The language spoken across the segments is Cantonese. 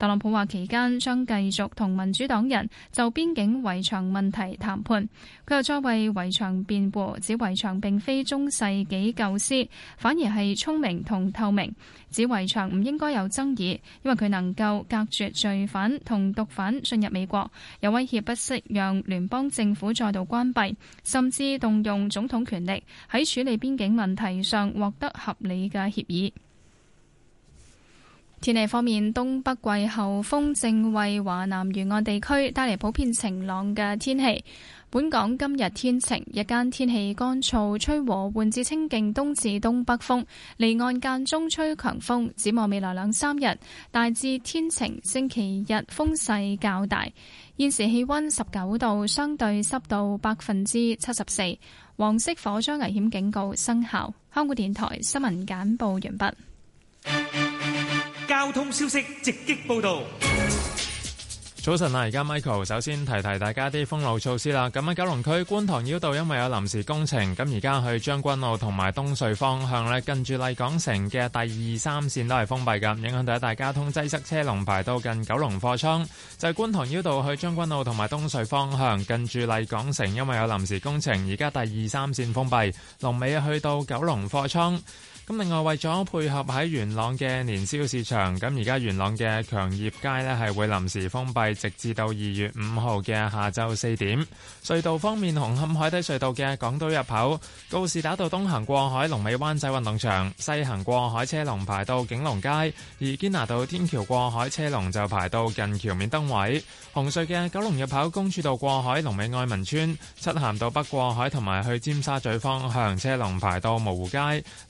特朗普話期間將繼續同民主黨人就邊境圍牆問題談判。佢又再為圍牆辯護，指圍牆並非中世紀舊思，反而係聰明同透明。指圍牆唔應該有爭議，因為佢能夠隔絕罪犯同毒販進入美國，有威脅不惜，讓聯邦政府再度關閉，甚至動用總統權力喺處理邊境問題上獲得合理嘅協議。天氣方面，東北季候風正為華南沿岸地區帶嚟普遍晴朗嘅天氣。本港今日天晴，日間天氣乾燥，吹和緩至清勁東至東北風，離岸間中吹強風。展望未來兩三日，大致天晴。星期日風勢較大。現時氣溫十九度，相對濕度百分之七十四。黃色火災危險警告生效。香港電台新聞簡報完畢。交通消息直擊報道。早晨啊，而家 Michael 咁另外為咗配合喺元朗嘅年宵市場，咁而家元朗嘅強業街呢係會臨時封閉，直至到二月五號嘅下晝四點。隧道方面，紅磡海底隧道嘅港島入口告士打道東行過海，龍尾灣仔運動場西行過海車龍排到景隆街；而堅拿道天橋過海車龍就排到近橋面燈位。紅隧嘅九龍入口公主道過，過海，龍尾愛民村漆咸道北過海同埋去尖沙咀方向車龍排到蕪湖街。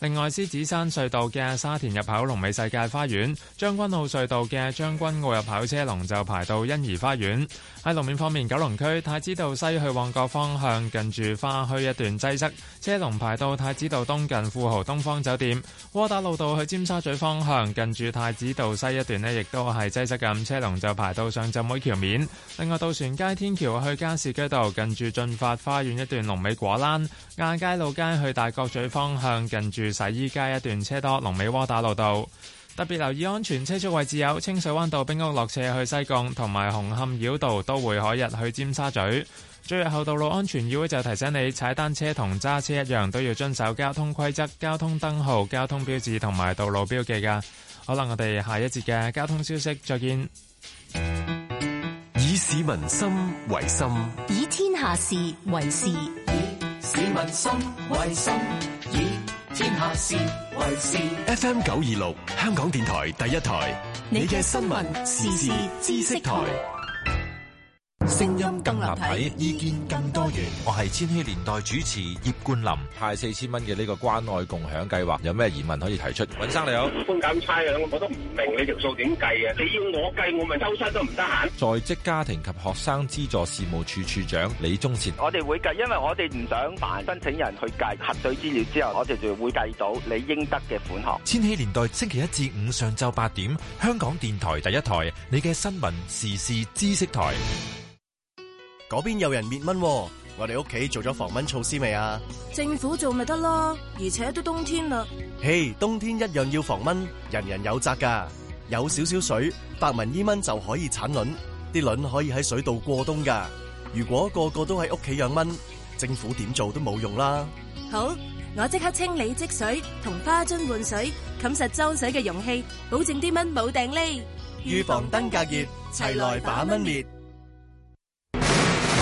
另外，紫山隧道嘅沙田入口、龍尾世界花園，將軍澳隧道嘅將軍澳入口車龍就排到欣怡花園。喺路面方面，九龍區太子道西去旺角方向近住花墟一段擠塞，車龍排到太子道東近富豪東方酒店。窩打老道去尖沙咀方向近住太子道西一段咧，亦都係擠塞，咁車龍就排到上浸會橋面。另外，渡船街天橋去加士居道近住駿發花園一段龍尾果欄，亞皆老街去大角咀方向近住洗衣街。街一段車多，龍尾，窩打路道特別留意安全車速位置，有清水灣道、冰屋落斜去西貢，同埋紅磡繞道都會可日去尖沙咀。最後道路安全議會就提醒你，踩單車同揸車一樣都要遵守交通規則、交通燈號、交通標誌同埋道路標記噶。好啦，我哋下一節嘅交通消息再見。以市民心為心，以天下事為事，以市民心為心，以。天下事 F.M. 九二六，FM926, 香港電台第一台，你嘅新聞、時事、知識台。聲音更立，更立體，意見更多元。我係千禧年代主持葉冠林，派四千蚊嘅呢個關愛共享計劃，有咩疑問可以提出？尹生你好，官搞差啊！我都唔明你條數點計啊！你要我計，我咪周身都唔得閒。在職家庭及學生資助事務處處，處長李宗前，我哋會計，因為我哋唔想辦申請人去計核對資料之後，我哋就會計到你應得嘅款項。千禧年代星期一至五上晝八點，香港電台第一台，你嘅新聞時事知識台。嗰邊有人滅蚊，我哋屋企做咗防蚊措施未啊？政府做咪得咯，而且都冬天啦。嘿，冬天一樣要防蚊，人人有責噶。有少少水，白紋伊蚊就可以產卵，啲卵可以喺水度過冬噶。如果個個都喺屋企養蚊，政府點做都冇用啦。好，我即刻清理積水同花樽換水，冚實裝水嘅容器，保證啲蚊冇頂笠，預防登革熱，齊來把蚊滅。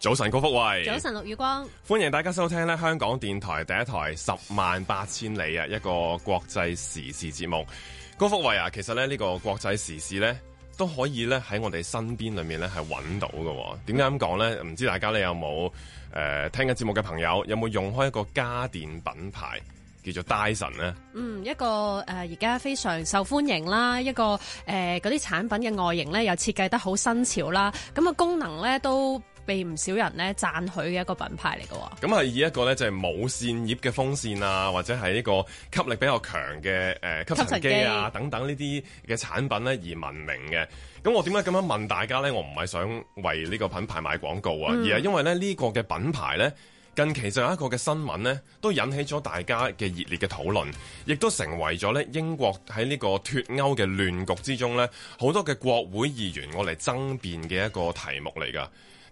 早晨，高福慧。早晨，陸宇光。歡迎大家收聽香港電台第一台《十萬八千里》啊，一個國際時事節目。高福慧啊，其實咧呢個國際時事咧都可以咧喺我哋身邊裏面咧係揾到嘅。點解咁講咧？唔知道大家你有冇誒、呃、聽緊節目嘅朋友有冇用開一個家電品牌叫做戴 n 咧？嗯，一個誒而家非常受歡迎啦，一個誒嗰啲產品嘅外形咧又設計得好新潮啦，咁、那個功能咧都。被唔少人咧讚許嘅一個品牌嚟㗎，咁係以一個咧就係、是、冇線葉嘅風扇啊，或者係呢個吸力比較強嘅、呃、吸塵機啊塵機等等呢啲嘅產品咧而聞名嘅。咁我點解咁樣問大家咧？我唔係想為呢個品牌買廣告啊，嗯、而係因為咧呢、呢個嘅品牌咧近期就有一個嘅新聞咧都引起咗大家嘅熱烈嘅討論，亦都成為咗咧英國喺呢個脱歐嘅亂局之中咧好多嘅國會議員我嚟爭辯嘅一個題目嚟㗎。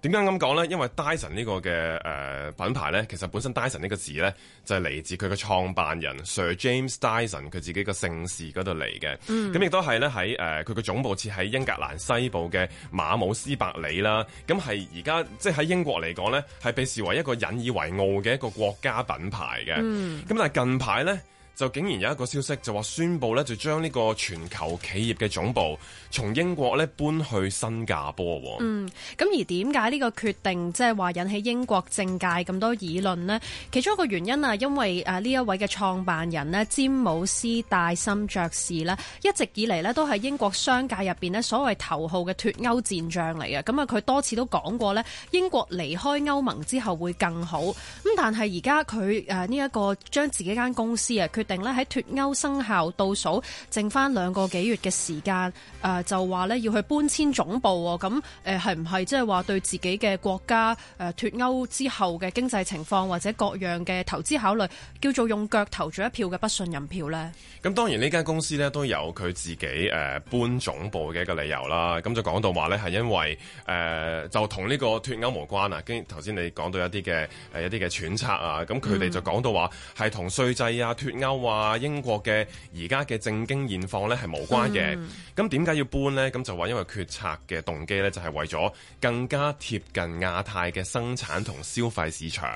點解咁講咧？因為 Dyson 呢個嘅誒品牌咧，其實本身 Dyson 這個呢個字咧，就係、是、嚟自佢嘅創辦人 Sir James Dyson 佢自己個姓氏嗰度嚟嘅。咁、嗯、亦都係咧喺誒佢嘅總部設喺英格蘭西部嘅馬姆斯伯里啦。咁係而家即係喺英國嚟講咧，係被視為一個引以為傲嘅一個國家品牌嘅。咁、嗯、但係近排咧。就竟然有一個消息，就話宣布咧，就將呢個全球企業嘅總部從英國咧搬去新加坡，哦。嗯，咁而點解呢個決定即係話引起英國政界咁多議論咧？其中一個原因，因啊，因為誒呢一位嘅創辦人咧，詹姆斯戴森爵士咧，一直以嚟咧都係英國商界入邊咧所謂頭號嘅脫歐戰將嚟嘅。咁啊，佢多次都講過咧，英國離開歐盟之後會更好。咁但係而家佢誒呢一個將自己間公司啊定咧，喺脫歐生效倒數剩翻兩個幾月嘅時間，誒、呃、就話咧要去搬遷總部喎。咁誒係唔係即係話對自己嘅國家誒脫歐之後嘅經濟情況或者各樣嘅投資考慮叫做用腳投咗一票嘅不信任票咧？咁當然呢間公司咧都有佢自己誒、呃、搬總部嘅一個理由啦。咁就講到話咧係因為誒、呃、就同呢個脫歐無關啊。跟頭先你講到一啲嘅誒一啲嘅揣測啊，咁佢哋就講到話係同稅制啊、脫歐。話英國嘅而家嘅政經現況咧係無關嘅，咁點解要搬呢？咁就話因為決策嘅動機咧，就係為咗更加貼近亞太嘅生產同消費市場。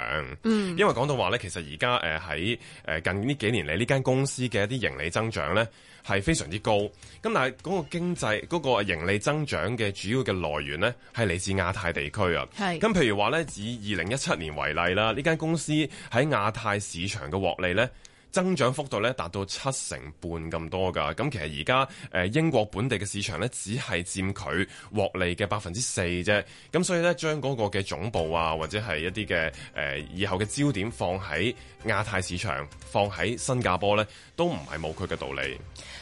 嗯，因為講到話咧，其實而家誒喺誒近呢幾年嚟，呢間公司嘅一啲盈利增長咧係非常之高，咁、嗯、但係嗰個經濟嗰、嗰個盈利增長嘅主要嘅來源咧係嚟自亞太地區啊。係咁，譬如話咧，以二零一七年為例啦，呢間公司喺亞太市場嘅獲利咧。增長幅度咧達到七成半咁多㗎，咁其實而家誒英國本地嘅市場咧只係佔佢獲利嘅百分之四啫，咁所以咧將嗰個嘅總部啊或者係一啲嘅誒以後嘅焦點放喺亞太市場放喺新加坡呢都唔係冇佢嘅道理。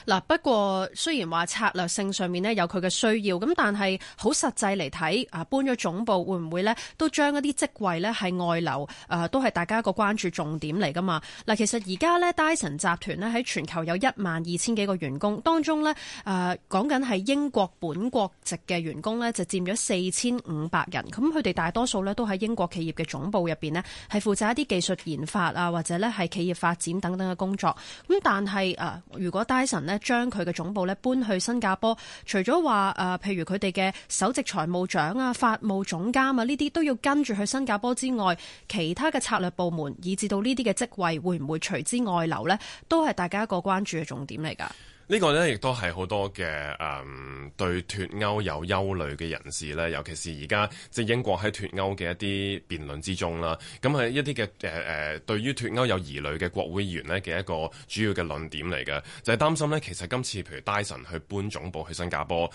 嗱、啊，不過雖然話策略性上面呢有佢嘅需要，咁但係好實際嚟睇，啊搬咗總部會唔會呢都將一啲職位呢係外流，誒、啊、都係大家一個關注重點嚟㗎嘛。嗱、啊，其實而家，Dyson 集團呢喺全球有一萬二千幾個員工，當中呢誒講緊係英國本國籍嘅員工呢就佔咗四千五百人，咁佢哋大多數呢都喺英國企業嘅總部入面呢，呢係負責一啲技術研發啊。或者咧係企業發展等等嘅工作，咁但係、呃、如果戴森呢將佢嘅總部咧搬去新加坡，除咗話誒，譬如佢哋嘅首席財務長啊、法務總監啊呢啲都要跟住去新加坡之外，其他嘅策略部門以至到呢啲嘅職位會唔會隨之外流呢？都係大家一個關注嘅重點嚟噶。呢、這個呢亦都係好多嘅誒、嗯、對脱歐有憂慮嘅人士呢，尤其是而家即係英國喺脱歐嘅一啲辯論之中啦。咁係一啲嘅誒誒，對於脱歐有疑慮嘅國會議員呢嘅一個主要嘅論點嚟嘅，就係、是、擔心呢。其實今次譬如戴臣去搬總部去新加坡。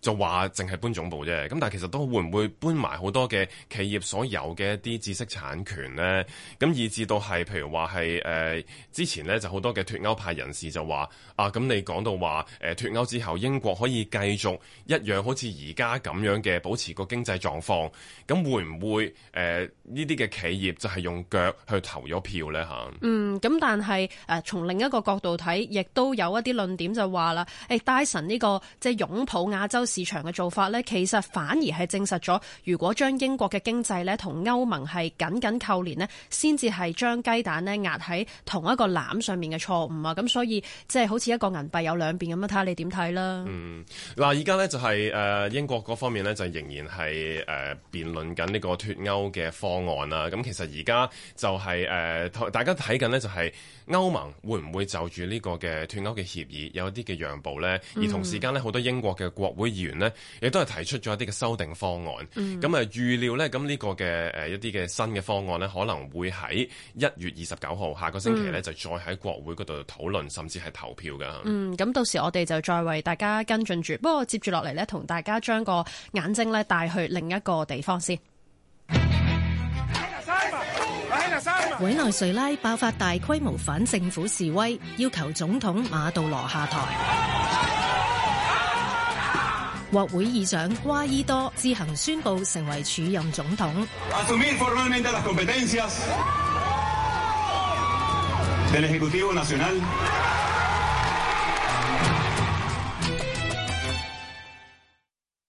就話淨係搬總部啫，咁但係其實都會唔會搬埋好多嘅企業所有嘅一啲知識產權咧？咁以至到係譬如話係誒之前咧就好多嘅脫歐派人士就話啊，咁你講到話誒脫歐之後英國可以繼續一樣好似而家咁樣嘅保持個經濟狀況，咁會唔會誒呢啲嘅企業就係用腳去投咗票咧吓？嗯，咁但係誒、呃、從另一個角度睇，亦都有一啲論點就話啦，誒 Dyson 呢個即係擁抱亞洲。市場嘅做法呢，其實反而係證實咗，如果將英國嘅經濟呢同歐盟係緊緊扣連呢先至係將雞蛋呢壓喺同一個籃上面嘅錯誤啊！咁所以即係好似一個銀幣有兩邊咁啊，睇下你點睇啦。嗯，嗱，而家呢就係誒英國嗰方面呢，就仍然係誒辯論緊呢個脱歐嘅方案啦。咁其實而家就係誒大家睇緊呢，就係歐盟會唔會就住呢個嘅脱歐嘅協議有一啲嘅讓步呢？而同時間呢，好多英國嘅國會。議員呢亦都係提出咗一啲嘅修訂方案。咁、嗯、啊，預料呢，咁呢個嘅誒一啲嘅新嘅方案呢，可能會喺一月二十九號下個星期呢，嗯、就再喺國會嗰度討論，甚至係投票㗎。嗯，咁到時我哋就再為大家跟進住。不過接住落嚟呢，同大家將個眼睛呢帶去另一個地方先。委內瑞拉爆發大規模反政府示威，要求總統馬杜羅下台。國會議長瓜伊多自行宣佈成為署任總統。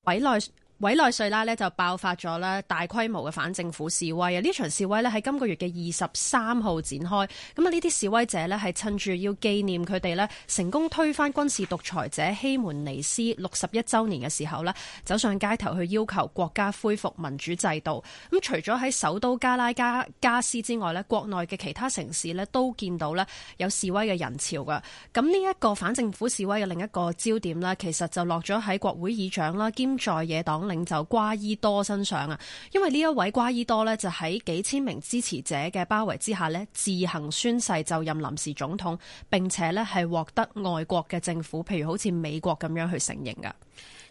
委內委內瑞拉呢就爆發咗咧大規模嘅反政府示威啊！呢場示威呢，喺今個月嘅二十三號展開，咁啊呢啲示威者呢，係趁住要紀念佢哋呢成功推翻軍事獨裁者希門尼斯六十一週年嘅時候呢，走上街頭去要求國家恢復民主制度。咁除咗喺首都加拉加加斯之外呢，國內嘅其他城市呢都見到咧有示威嘅人潮嘅。咁呢一個反政府示威嘅另一個焦點咧，其實就落咗喺國會議長啦兼在野黨領袖瓜伊多身上啊，因為呢一位瓜伊多呢，就喺幾千名支持者嘅包圍之下呢，自行宣誓就任臨時總統，並且呢係獲得外國嘅政府，譬如好似美國咁樣去承認噶。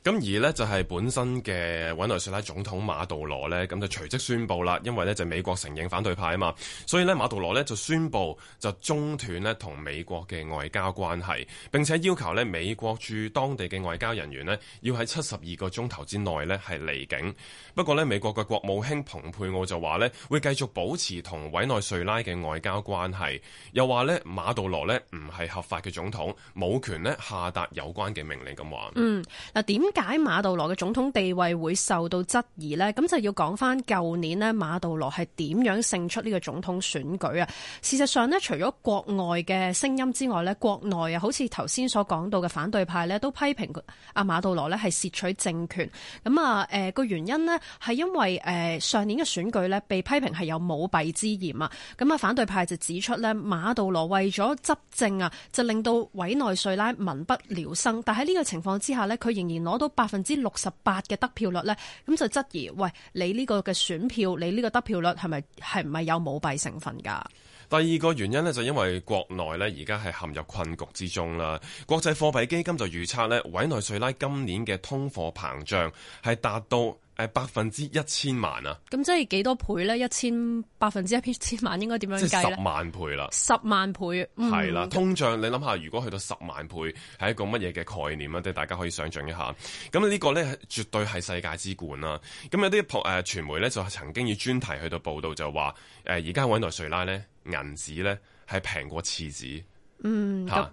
咁而呢，就係本身嘅委內瑞拉總統馬杜羅呢，咁就隨即宣布啦，因為呢，就美國承認反對派啊嘛，所以呢，馬杜羅呢就宣布就中斷呢同美國嘅外交關係，並且要求呢美國駐當地嘅外交人員呢要喺七十二個鐘頭之內呢係離境。不過呢，美國嘅國務卿蓬佩奧就話呢會繼續保持同委內瑞拉嘅外交關係，又話呢馬杜羅呢唔係合法嘅總統，冇權呢下達有關嘅命令咁話。嗯，嗱點解馬杜羅嘅總統地位會受到質疑呢？咁就要講翻舊年呢，馬杜羅係點樣勝出呢個總統選舉啊？事實上呢，除咗國外嘅聲音之外呢，國內啊，好似頭先所講到嘅反對派呢，都批評阿馬杜羅咧係竊取政權。咁啊，誒、呃、個原因呢係因為、呃、上年嘅選舉呢被批評係有舞弊之嫌啊。咁啊，反對派就指出呢，馬杜羅為咗執政啊，就令到委內瑞拉民不聊生。但喺呢個情況之下呢，佢仍然攞到百分之六十八嘅得票率呢，咁就質疑，喂，你呢個嘅選票，你呢個得票率係咪係唔係有舞弊成分噶？第二個原因呢，就因為國內呢，而家係陷入困局之中啦。國際貨幣基金就預測呢，委內瑞拉今年嘅通貨膨脹係達到。百分之一千萬啊！咁即係幾多倍咧？一千百分之一千萬應該點樣計咧？即係十萬倍啦！十萬倍，係、嗯、啦！通脹你諗下，如果去到十萬倍，係一個乜嘢嘅概念咧？即係大家可以想象一下。咁呢個咧絕對係世界之冠啦、啊！咁有啲葡傳傳媒咧就曾經以專題去到報導，就話誒而家委內瑞拉咧銀紙咧係平過廁紙。嗯，咁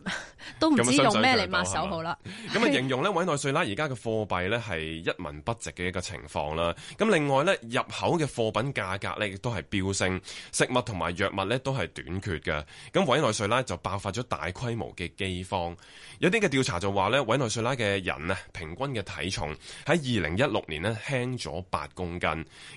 都唔知用咩嚟抹手好啦。咁啊，想想形容咧委內瑞拉而家嘅貨幣咧係一文不值嘅一個情況啦。咁另外咧，入口嘅貨品價格咧亦都係飆升，食物同埋藥物咧都係短缺嘅。咁委內瑞拉就爆發咗大規模嘅饑荒。有啲嘅調查就話咧，委內瑞拉嘅人啊，平均嘅體重喺二零一六年呢輕咗八公斤，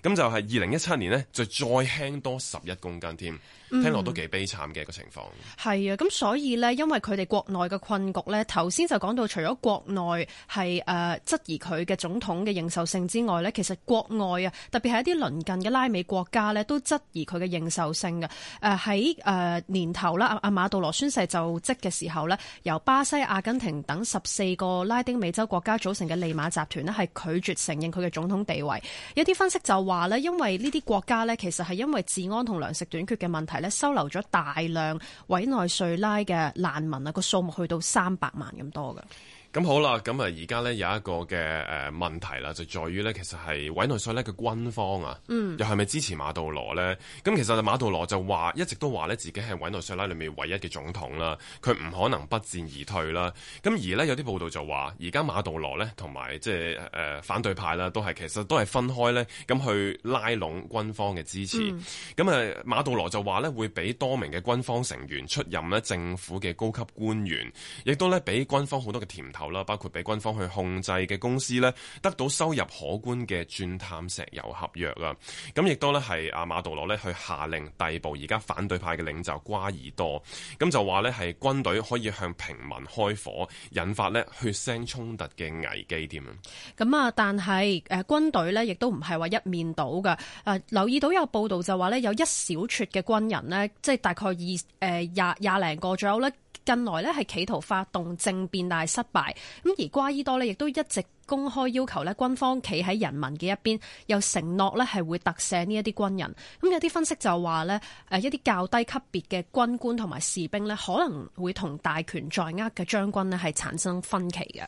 咁就係二零一七年呢就再輕多十一公斤添。聽落都幾悲慘嘅一個情況。係、嗯、啊，咁所以呢，因為佢哋國內嘅困局呢，頭先就講到，除咗國內係誒、呃、質疑佢嘅總統嘅認受性之外呢，其實國外啊，特別係一啲鄰近嘅拉美國家呢，都質疑佢嘅認受性嘅。喺、呃、誒、呃、年頭啦，阿、啊、馬馬杜羅宣誓就職嘅時候呢，由巴西、阿根廷等十四個拉丁美洲國家組成嘅利馬集團呢，係拒絕承認佢嘅總統地位。有啲分析就話呢，因為呢啲國家呢，其實係因為治安同糧食短缺嘅問題。咧收留咗大量委內瑞拉嘅難民啊，個數目去到三百萬咁多噶。咁好啦，咁啊而家咧有一個嘅誒問題啦，就在於咧，其實係委內瑞拉嘅軍方啊、嗯，又係咪支持馬杜羅咧？咁其實就馬杜羅就話一直都話咧自己係委內瑞拉裏面唯一嘅總統啦，佢唔可能不戰而退啦。咁而咧有啲報道就話，而家馬杜羅咧同埋即係誒反對派啦，都係其實都係分開咧咁去拉攏軍方嘅支持。咁、嗯、啊馬杜羅就話咧會俾多名嘅軍方成員出任咧政府嘅高級官員，亦都咧俾軍方好多嘅甜。後啦，包括俾軍方去控制嘅公司呢，得到收入可觀嘅鑽探石油合約啊，咁亦都呢係阿馬杜羅呢去下令逮捕而家反對派嘅領袖瓜爾多，咁就話呢係軍隊可以向平民開火，引發呢血腥衝突嘅危機添啊。咁啊，但係誒軍隊呢亦都唔係話一面倒㗎，誒留意到有報道就話呢，有一小撮嘅軍人呢，即係大概二誒廿廿零個左右呢。近來呢係企圖發動政變，但係失敗。咁而瓜伊多呢亦都一直公開要求呢軍方企喺人民嘅一邊，又承諾呢係會特赦呢一啲軍人。咁有啲分析就話呢，誒一啲較低級別嘅軍官同埋士兵呢可能會同大權在握嘅將軍呢係產生分歧嘅。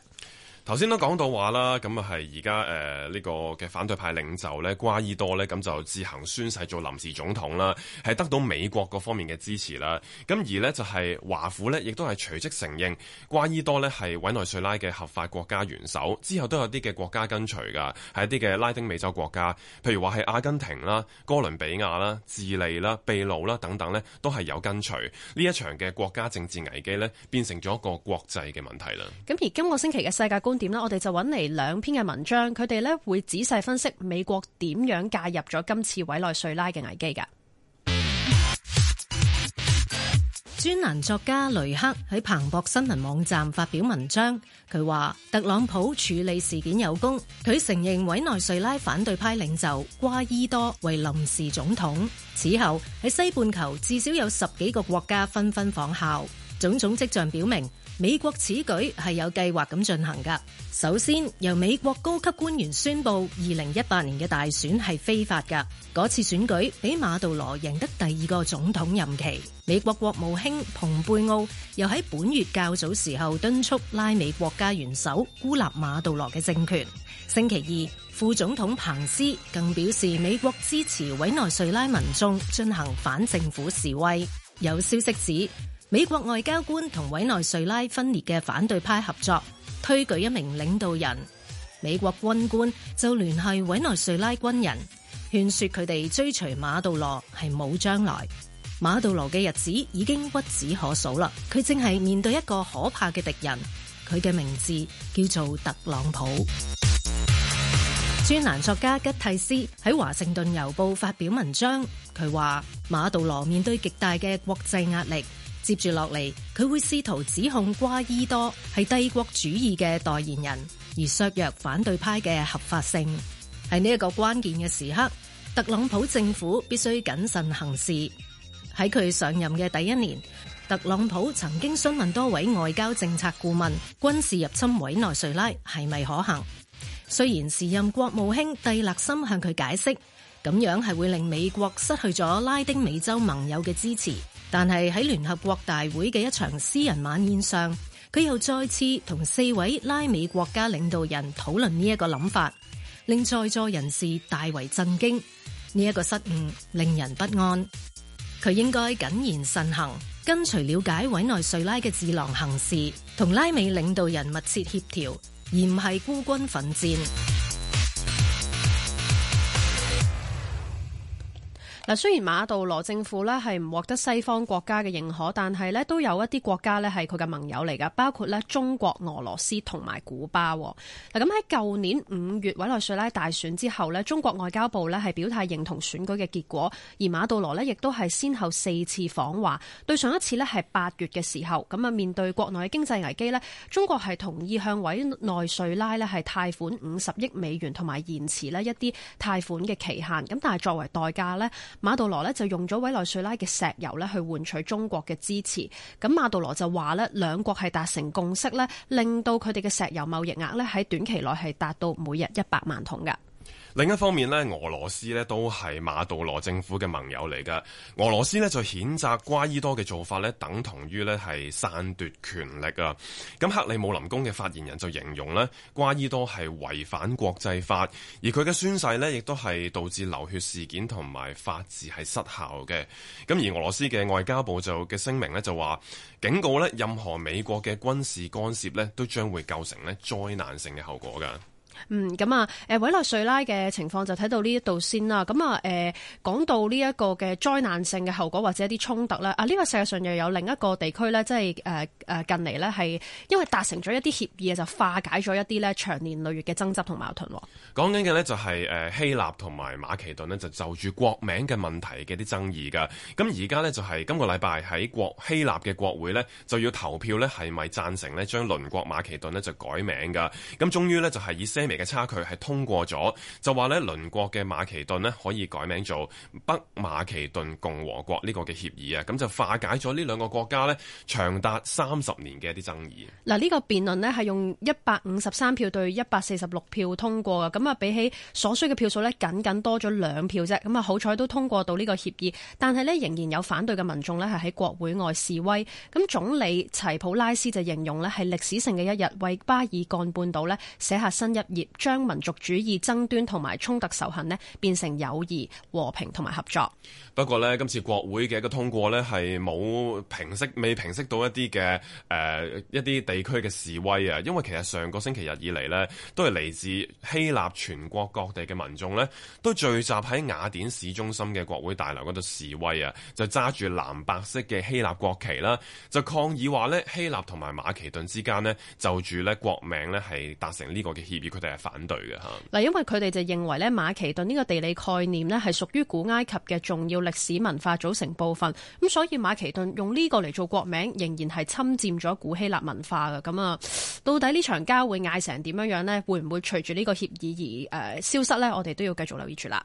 頭先都講到話啦，咁啊係而家誒呢個嘅反對派領袖呢瓜伊多呢，咁就自行宣誓做臨時總統啦，係得到美國各方面嘅支持啦。咁而呢，就係華府呢，亦都係隨即承認瓜伊多呢係委內瑞拉嘅合法國家元首。之後都有啲嘅國家跟隨㗎，係一啲嘅拉丁美洲國家，譬如話係阿根廷啦、哥倫比亞啦、智利啦、秘魯啦等等呢，都係有跟隨。呢一場嘅國家政治危機呢，變成咗一個國際嘅問題啦。咁而今個星期嘅世界觀。點呢？我哋就揾嚟兩篇嘅文章，佢哋呢會仔細分析美國點樣介入咗今次委內瑞拉嘅危機㗎。專欄作家雷克喺彭博新聞網站發表文章，佢話特朗普處理事件有功，佢承認委內瑞拉反對派領袖瓜伊多為臨時總統。此後喺西半球至少有十幾個國家紛紛仿效，種種跡象表明。美國此舉係有計劃咁進行噶。首先，由美國高級官員宣佈，二零一八年嘅大選係非法噶。嗰次選舉俾馬杜羅贏得第二個總統任期。美國國務卿蓬佩奧又喺本月較早時候敦促拉美國家元首孤立馬杜羅嘅政權。星期二，副總統彭斯更表示，美國支持委內瑞拉民眾進行反政府示威。有消息指，美國外交官同委內瑞拉分裂嘅反對派合作推舉一名領導人，美國軍官就聯繫委內瑞拉軍人勸說佢哋追隨馬杜羅係冇將來，馬杜羅嘅日子已經屈指可數啦。佢正係面對一個可怕嘅敵人，佢嘅名字叫做特朗普。專欄作家吉蒂斯喺華盛頓郵報發表文章，佢話馬杜羅面對極大嘅國際壓力。接住落嚟，佢會試圖指控瓜伊多係帝國主義嘅代言人，而削弱反對派嘅合法性。喺呢一個關鍵嘅時刻，特朗普政府必須謹慎行事。喺佢上任嘅第一年，特朗普曾經詢問多位外交政策顧問，軍事入侵委內瑞拉係咪可行？雖然時任國務卿蒂勒森向佢解釋，咁樣係會令美國失去咗拉丁美洲盟友嘅支持。但係喺聯合國大會嘅一場私人晚宴上，佢又再次同四位拉美國家領導人討論呢一個諗法，令在座人士大為震驚。呢一個失誤令人不安。佢應該謹言慎行，跟隨了解委內瑞拉嘅智囊行事，同拉美領導人密切協調，而唔係孤軍奮戰。嗱，雖然馬杜羅政府咧係唔獲得西方國家嘅認可，但係呢都有一啲國家咧係佢嘅盟友嚟㗎，包括呢中國、俄羅斯同埋古巴。嗱，咁喺舊年五月委內瑞拉大選之後呢，中國外交部呢係表態認同選舉嘅結果，而馬杜羅呢亦都係先後四次訪華。對上一次呢係八月嘅時候，咁啊，面對國內嘅經濟危機呢，中國係同意向委內瑞拉呢係貸款五十億美元，同埋延遲呢一啲貸款嘅期限。咁但係作為代價呢。馬杜羅呢就用咗委內瑞拉嘅石油呢去換取中國嘅支持，咁馬杜羅就話呢兩國係達成共識呢，令到佢哋嘅石油貿易額呢喺短期內係達到每日一百萬桶㗎。另一方面呢，俄羅斯呢都係馬杜羅政府嘅盟友嚟噶。俄羅斯呢就譴責瓜伊多嘅做法呢等同於呢係篡奪權力啊。咁克里姆林宮嘅發言人就形容呢瓜伊多係違反國際法，而佢嘅宣誓呢亦都係導致流血事件同埋法治係失效嘅。咁而俄羅斯嘅外交部就嘅聲明呢，就話，警告呢任何美國嘅軍事干涉呢，都將會構成呢災難性嘅後果噶。嗯，咁啊，誒委內瑞拉嘅情況就睇到呢一度先啦。咁啊，誒講到呢一個嘅災難性嘅後果或者一啲衝突啦。啊呢個世界上又有另一個地區呢，即係誒誒近嚟呢，係因為達成咗一啲協議就化解咗一啲呢長年累月嘅爭執同矛盾。講緊嘅呢，就係希臘同埋馬其頓呢，就就住國名嘅問題嘅啲爭議㗎。咁而家呢，就係今個禮拜喺希臘嘅國會呢，就要投票呢，係咪贊成呢將鄰國馬其頓呢就改名㗎。咁終於呢，就係以嘅差距係通過咗，就話咧鄰國嘅馬其頓咧可以改名做北馬其頓共和國呢個嘅協議啊，咁就化解咗呢兩個國家咧長達三十年嘅一啲爭議。嗱，呢個辯論咧係用一百五十三票對一百四十六票通過嘅，咁啊比起所需嘅票數咧，僅僅多咗兩票啫，咁啊好彩都通過到呢個協議，但係咧仍然有反對嘅民眾咧係喺國會外示威。咁總理齊普拉斯就形容咧係歷史性嘅一日，為巴爾幹半島咧寫下新一頁。將民族主義爭端同埋衝突仇恨呢變成友誼、和平同埋合作。不過呢今次國會嘅一個通過呢，係冇平息，未平息到一啲嘅誒一啲地區嘅示威啊。因為其實上個星期日以嚟呢，都係嚟自希臘全國各地嘅民眾呢，都聚集喺雅典市中心嘅國會大樓嗰度示威啊，就揸住藍白色嘅希臘國旗啦，就抗議話呢希臘同埋馬其頓之間呢就住呢國名呢係達成呢個嘅協議，佢哋。係反對嘅吓，嗱，因為佢哋就認為咧馬其頓呢個地理概念咧係屬於古埃及嘅重要歷史文化組成部分，咁所以馬其頓用呢個嚟做國名，仍然係侵佔咗古希臘文化嘅。咁啊，到底呢場交會嗌成點樣樣咧？會唔會隨住呢個協議而誒消失呢？我哋都要繼續留意住啦。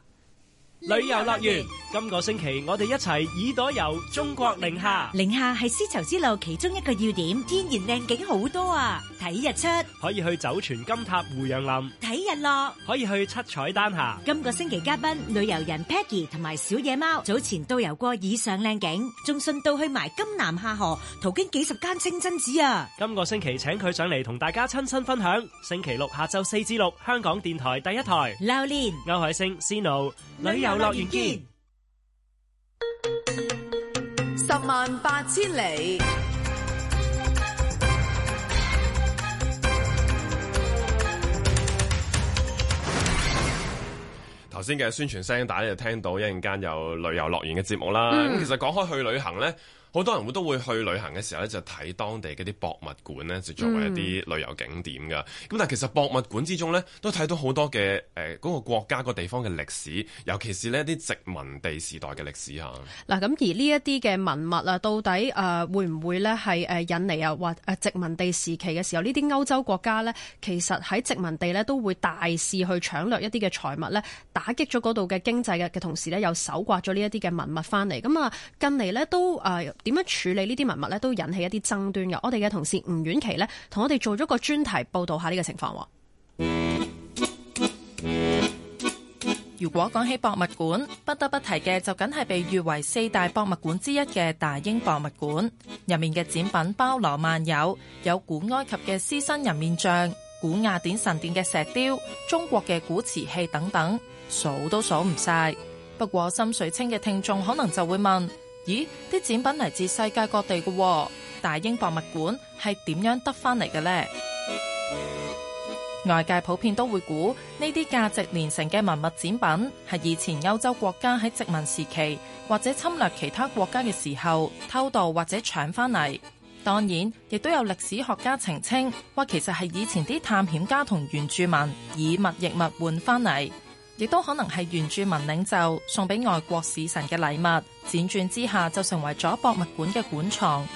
旅遊樂園，今個星期我哋一齊耳朵遊中國寧夏。寧夏係絲綢之路其中一個要點，天然靚景好多啊！睇日出可以去酒泉金塔胡楊林，睇日落可以去七彩丹霞。今個星期嘉賓旅遊人 Peggy 同埋小野貓，早前都遊過以上靚景，仲順道去埋甘南夏河，途經幾十間清真寺啊！今個星期請佢上嚟，同大家親身分享。星期六下晝四至六，香港電台第一台。榴蓮、歐海星、Sino 旅遊。遊樂園見，十萬八千里。頭先嘅宣傳聲，大家就聽到一陣間有旅遊樂園嘅節目啦。咁、嗯、其實講開去旅行咧。好多人會都會去旅行嘅時候咧，就睇當地嗰啲博物館呢就作為一啲旅遊景點噶。咁、嗯、但係其實博物館之中呢都睇到好多嘅嗰個國家個地方嘅歷史，尤其是呢啲殖民地時代嘅歷史嚇。嗱，咁而呢一啲嘅文物啊，到底誒、呃、會唔會呢係引嚟啊，或殖民地時期嘅時候，呢啲歐洲國家呢，其實喺殖民地呢都會大肆去搶掠一啲嘅財物呢，打擊咗嗰度嘅經濟嘅嘅同時手挂呢，又搜刮咗呢一啲嘅文物翻嚟。咁啊近嚟呢都誒點樣處理呢啲文物咧，都引起一啲爭端嘅。我哋嘅同事吳婉琪咧，同我哋做咗個專題，報導下呢個情況。如果講起博物館，不得不提嘅就梗係被譽為四大博物館之一嘅大英博物館，入面嘅展品包羅萬有，有古埃及嘅獅身人面像、古雅典神殿嘅石雕、中國嘅古瓷器等等，數都數唔晒。不過，心水清嘅聽眾可能就會問。咦，啲展品嚟自世界各地嘅喎，大英博物館係點樣得翻嚟嘅咧？外界普遍都會估呢啲價值連城嘅文物展品係以前歐洲國家喺殖民時期或者侵略其他國家嘅時候偷盜或者搶翻嚟。當然，亦都有歷史學家澄清話，其實係以前啲探險家同原住民以物易物換翻嚟。亦都可能係原住民領袖送俾外國使臣嘅禮物，輾轉，轉之下就成為咗博物館嘅館藏。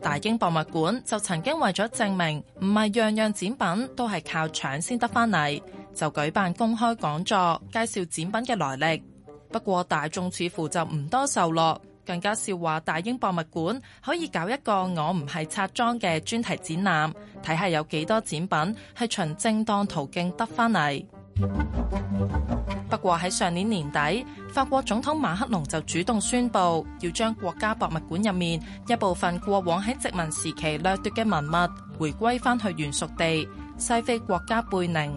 大英博物館就曾經為咗證明唔係樣樣展品都係靠搶先得返嚟，就舉辦公開講座，介紹展品嘅來歷。不過大眾似乎就唔多受落。更加笑話，大英博物館可以搞一個我唔係拆裝嘅專題展覽，睇下有幾多展品係循正當途徑得返嚟。不過喺上年年底，法國總統馬克龍就主動宣布要將國家博物館入面一部分過往喺殖民時期掠奪嘅文物回歸翻去原屬地，西非國家貝寧，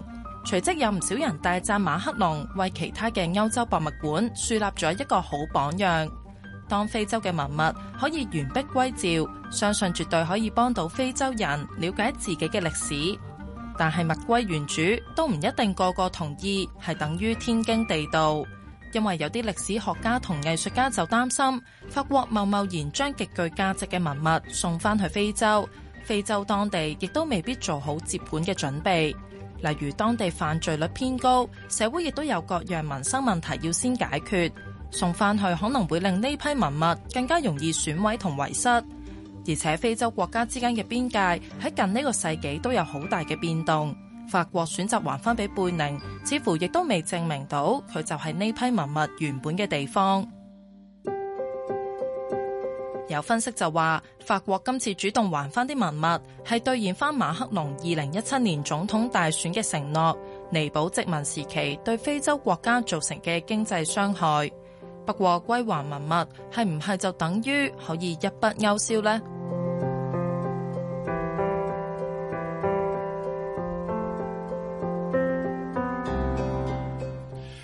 隨即有唔少人大讚馬克龍為其他嘅歐洲博物館樹立咗一個好榜樣。當非洲嘅文物可以完璧歸趙，相信絕對可以幫到非洲人了解自己嘅歷史。但係物歸原主都唔一定個個同意，係等於天經地道。因為有啲歷史學家同藝術家就擔心，法國貿貿然將極具價值嘅文物送翻去非洲，非洲當地亦都未必做好接盤嘅準備。例如當地犯罪率偏高，社會亦都有各樣民生問題要先解決。送翻去可能會令呢批文物更加容易損毀同遺失，而且非洲國家之間嘅邊界喺近呢個世紀都有好大嘅變動。法國選擇還翻俾貝寧，似乎亦都未證明到佢就係呢批文物原本嘅地方。有分析就話，法國今次主動還翻啲文物，係兌現翻馬克龍二零一七年總統大選嘅承諾，彌補殖民時期對非洲國家造成嘅經濟傷害。不過歸還文物係唔係就等於可以一筆勾銷呢？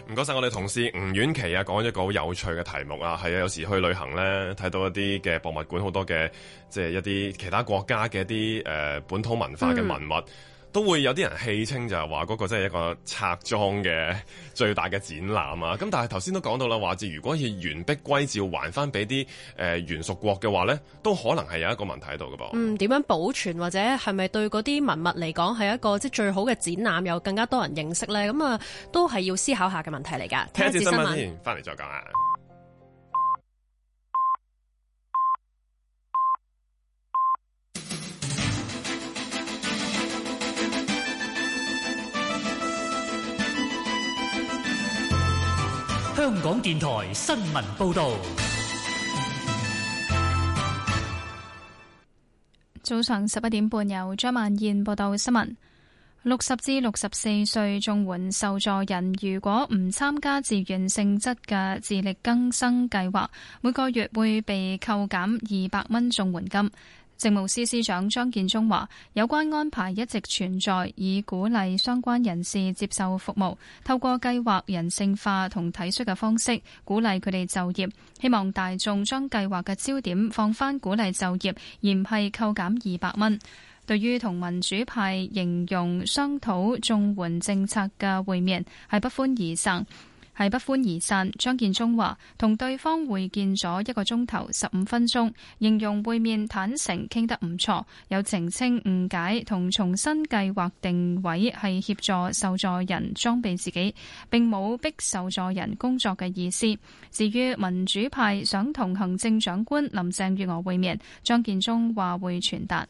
唔該晒，我哋同事吳婉琪啊，講一個好有趣嘅題目啊，係啊，有時去旅行咧，睇到一啲嘅博物館好多嘅，即係一啲其他國家嘅一啲誒本土文化嘅文物。嗯都會有啲人戲稱就係話嗰個真係一個拆裝嘅最大嘅展覽啊！咁但係頭先都講到啦，話住如果要完璧歸趙還翻俾啲誒原屬國嘅話咧，都可能係有一個問題喺度嘅噃。嗯，點樣保存或者係咪對嗰啲文物嚟講係一個即係最好嘅展覽，有更加多人認識咧？咁、嗯、啊，都係要思考下嘅問題嚟㗎。聽一節新聞先，翻嚟再講啊！香港電台新聞報道：早上十一點半，由張萬燕報道新聞。六十至六十四歲綜援受助人，如果唔參加自願性質嘅自力更生計劃，每個月會被扣減二百蚊綜援金。政務司司長張建宗話：有關安排一直存在，以鼓勵相關人士接受服務，透過計劃人性化同體恤嘅方式鼓勵佢哋就業。希望大眾將計劃嘅焦點放翻鼓勵就業，而唔係扣減二百蚊。對於同民主派形容商討綜援政策嘅會面，係不歡而散。係不歡而散。張建宗話同對方會見咗一個鐘頭十五分鐘，形容會面坦誠，傾得唔錯，有澄清誤解同重新計劃定位，係協助受助人裝備自己，並冇逼受助人工作嘅意思。至於民主派想同行政長官林鄭月娥會面，張建宗話會傳達。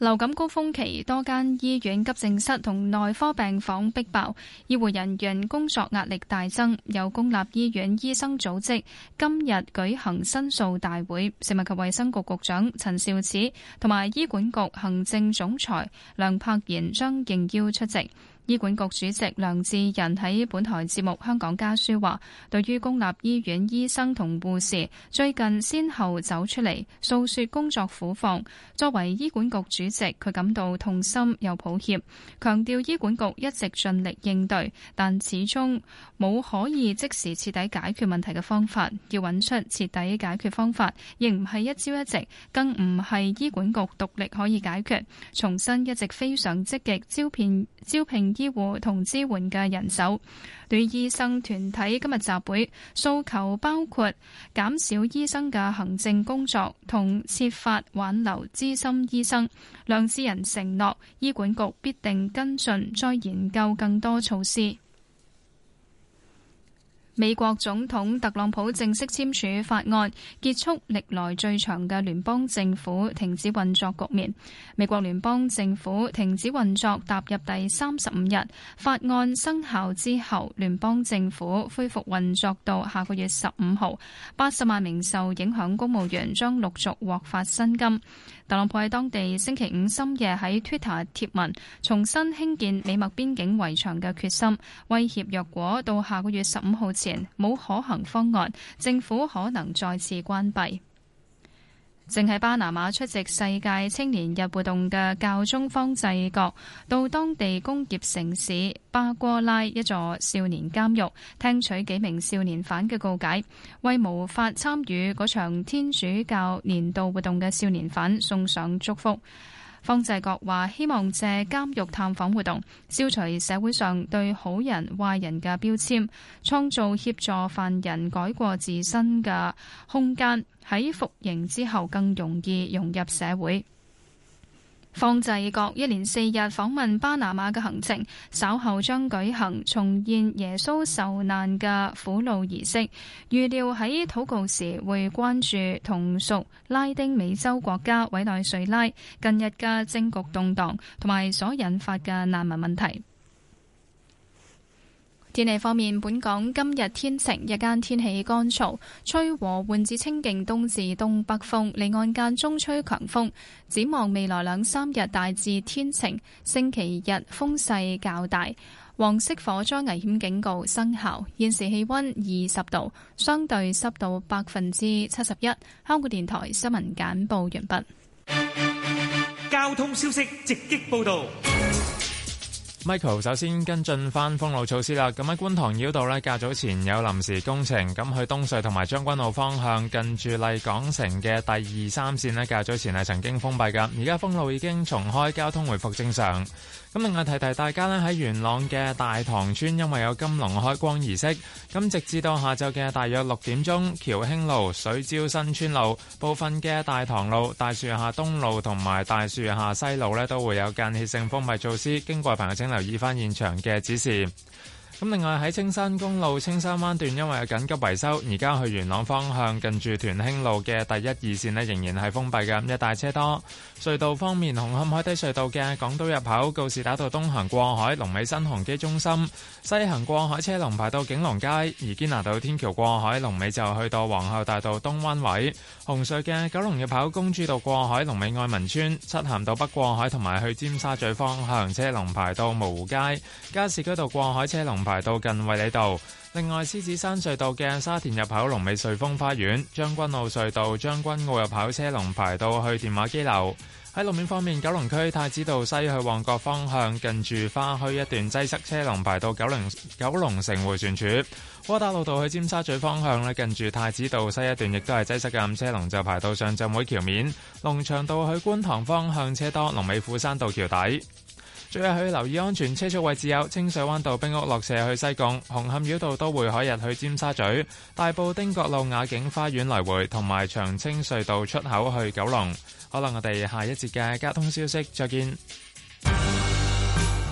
流感高峰期，多間醫院急症室同內科病房逼爆，醫護人員工作壓力大增。有公立醫院醫生組織今日舉行申訴大會，食物及衛生局局長陳肇始同埋醫管局行政總裁梁柏賢將應邀出席。醫管局主席梁智仁喺本台節目《香港家書》話，對於公立醫院醫生同護士最近先後走出嚟訴說工作苦況，作為醫管局主席，佢感到痛心又抱歉，強調醫管局一直盡力應對，但始終冇可以即時徹底解決問題嘅方法，要揾出徹底解決方法，亦唔係一朝一夕，更唔係醫管局獨立可以解決。重申一直非常積極招聘、招聘、招聘醫護同支援嘅人手，對醫生團體今日集會訴求，包括減少醫生嘅行政工作，同設法挽留資深醫生。梁志仁承諾醫管局必定跟進，再研究更多措施。美國總統特朗普正式簽署法案，結束歷來最長嘅聯邦政府停止運作局面。美國聯邦政府停止運作踏入第三十五日，法案生效之後，聯邦政府恢復運作到下個月十五號，八十萬名受影響公務員將陸續獲發薪金。特朗普喺當地星期五深夜喺 Twitter 貼文，重新興建美墨邊境圍牆嘅決心，威脅若果到下個月十五號前冇可行方案，政府可能再次關閉。正喺巴拿馬出席世界青年日活動嘅教宗方濟各，到當地工業城市巴哥拉一座少年監獄，聽取幾名少年犯嘅告解，為無法參與嗰場天主教年度活動嘅少年犯送上祝福。方濟各話：希望借監獄探訪活動，消除社會上對好人壞人嘅標籤，創造協助犯人改過自新嘅空間，喺服刑之後更容易融入社會。方濟各一連四日訪問巴拿馬嘅行程，稍後將舉行重現耶穌受難嘅苦路儀式。預料喺禱告時會關注同屬拉丁美洲國家委內瑞拉近日嘅政局動蕩同埋所引發嘅難民問題。天氣方面，本港今日天晴，日間天氣乾燥，吹和緩至清勁東至東北風，離岸間中吹強風。展望未來兩三日大致天晴，星期日風勢較大。黃色火災危險警告生效。現時氣溫二十度，相對濕度百分之七十一。香港電台新聞簡報完畢。交通消息直擊報道。Michael 首先跟進翻封路措施啦。咁喺觀塘繞道呢，較早前有臨時工程，咁去東隧同埋將軍澳方向近住麗港城嘅第二三線呢，較早前係曾經封閉嘅。而家封路已經重開，交通回復正常。咁另外提提大家呢，喺元朗嘅大棠村，因為有金龍開光儀式，咁直至到下晝嘅大約六點鐘，橋興路、水蕉新村路、部分嘅大棠路、大樹下東路同埋大樹下西路咧，都會有間歇性封閉措施。經過朋友請留意翻現場嘅指示。咁另外喺青山公路青山灣段，因為有緊急維修，而家去元朗方向近住團興路嘅第一二綫咧，仍然係封閉嘅，一帶車多。隧道方面，紅磡海底隧道嘅港島入口，告士打道東行過海，龍尾新鴻基中心；西行過海車龍排到景隆街，而堅拿道天橋過海龍尾就去到皇后大道東灣位。紅隧嘅九龍入口公主道過海龍尾愛民邨，漆咸道北過海同埋去尖沙咀方向車龍排到蕪湖街，加士居道過海車龍排排到近衛理道。另外，獅子山隧道嘅沙田入口龍尾瑞豐花園，將軍澳隧道將軍澳入口車龍排到去電話機樓。喺路面方面，九龍區太子道西去旺角方向，近住花墟一段擠塞車龍排到九龍九龍城迴旋處。窩打老道去尖沙咀方向呢，近住太子道西一段亦都係擠塞嘅，暗車龍就排到上浸會橋面。龍翔道去觀塘方向車多，龍尾斧山道橋底。最後去留意安全車速位置有清水灣道、冰屋落斜去西貢、紅磡繞道都會海日去尖沙咀、大埔汀角路雅景花園來回，同埋長青隧道出口去九龍。可能我哋下一節嘅交通消息再見。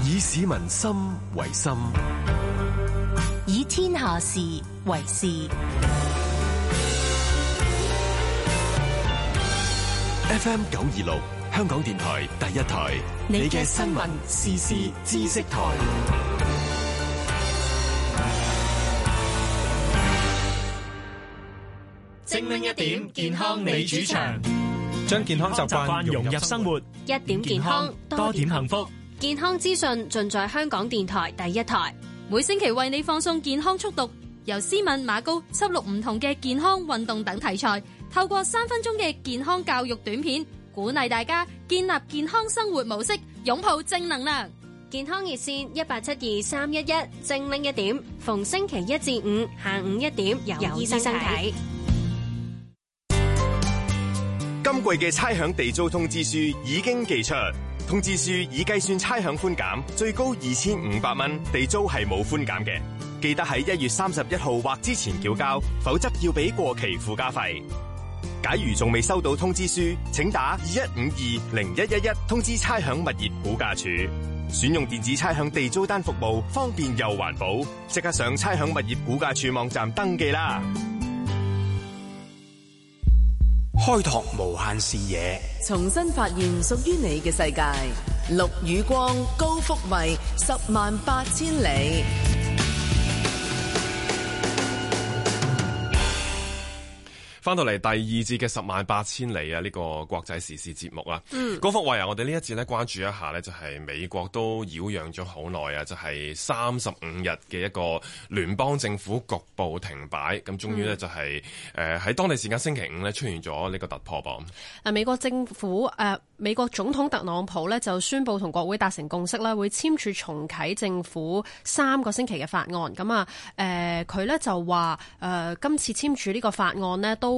以市民心為心，以天下事為事。FM 九二六。FM926 香港電台第一台，你嘅新聞時事知識台。精明一點，健康你主場，將健康習慣融入生活，一點健康，多點幸福。健康資訊盡在香港電台第一台，每星期為你放送健康速讀，由斯敏馬高濕錄唔同嘅健康運動等題材，透過三分鐘嘅健康教育短片，鼓勵大家建立健康生活模式，擁抱正能量。健康熱線一八七二三一一正零一點，逢星期一至五下午一點有醫生身體。今季嘅差餉地租通知書已經寄出，通知書已計算差餉寬減，最高二千五百蚊，地租係冇寬減嘅。記得喺一月三十一號或之前繳交，否則要俾過期附加費。假如仲未收到通知書，請打二一五二零一一一通知差餉物業估價署，選用電子差餉地租單服務，方便又環保。即刻上，上差餉物業估價署網站登記啦！開拓無限視野，重新發現屬於你嘅世界。綠與光，高福位，十萬八千里。翻到嚟第二節嘅十萬八千里啊！呢、這個國際時事節目啊，高幅慧啊，我哋呢一節咧關注一下呢，就係、是、美國都擾攘咗好耐啊，就係三十五日嘅一個聯邦政府局部停擺，咁終於呢，嗯、就係誒喺當地時間星期五呢出現咗呢個突破噃。嗱，美國政府誒、呃、美國總統特朗普呢，就宣布同國會達成共識啦，會簽署重啟政府三個星期嘅法案。咁啊誒佢、呃、呢就話誒、呃、今次簽署呢個法案呢，都，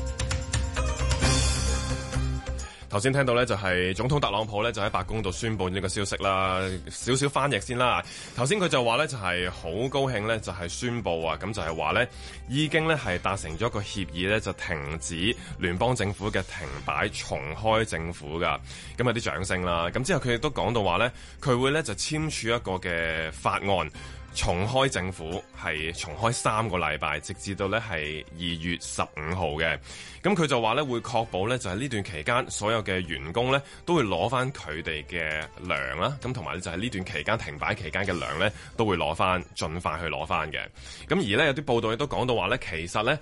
頭先聽到咧就係總統特朗普咧就喺白宮度宣布呢個消息啦，少少翻譯先啦。頭先佢就話咧就係好高興咧就係宣布啊，咁就係話咧已經咧係達成咗一個協議咧就停止聯邦政府嘅停擺，重開政府㗎，咁有啲掌聲啦。咁之後佢亦都講到話咧，佢會咧就簽署一個嘅法案。重開政府係重開三個禮拜，直至到咧係二月十五號嘅。咁佢就話咧會確保咧就係、是、呢段期間所有嘅員工咧都會攞翻佢哋嘅糧啦、啊。咁同埋咧就係呢段期間停擺期間嘅糧咧都會攞翻，盡快去攞翻嘅。咁而呢，有啲報道亦都講到話呢其實呢。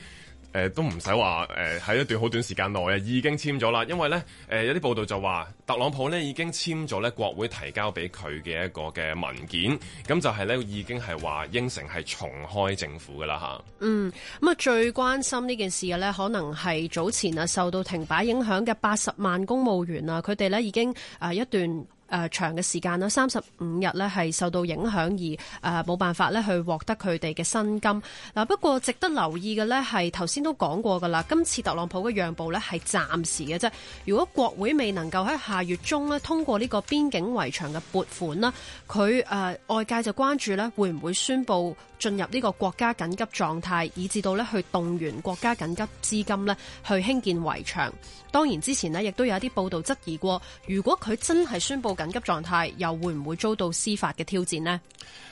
誒、呃，都唔使話，誒、呃、喺一段好短時間內啊，已經簽咗啦。因為呢，誒、呃、有啲報道就話，特朗普呢已經簽咗呢國會提交俾佢嘅一個嘅文件，咁就係呢，已經係話應承係重開政府噶啦。吓，嗯，咁啊最關心呢件事嘅呢，可能係早前啊受到停擺影響嘅八十萬公務員啊，佢哋呢已經誒、啊、一段。誒、呃、長嘅時間啦，三十五日呢係受到影響而誒冇、呃、辦法呢去獲得佢哋嘅薪金。嗱不過值得留意嘅呢係頭先都講過㗎啦，今次特朗普嘅讓步呢係暫時嘅啫。如果國會未能夠喺下月中呢通過呢個邊境圍牆嘅撥款啦，佢誒、呃、外界就關注呢會唔會宣布進入呢個國家緊急狀態，以至到呢去動員國家緊急資金呢去興建圍牆。當然之前亦都有一啲報道質疑過，如果佢真係宣布緊急狀態，又會唔會遭到司法嘅挑戰呢？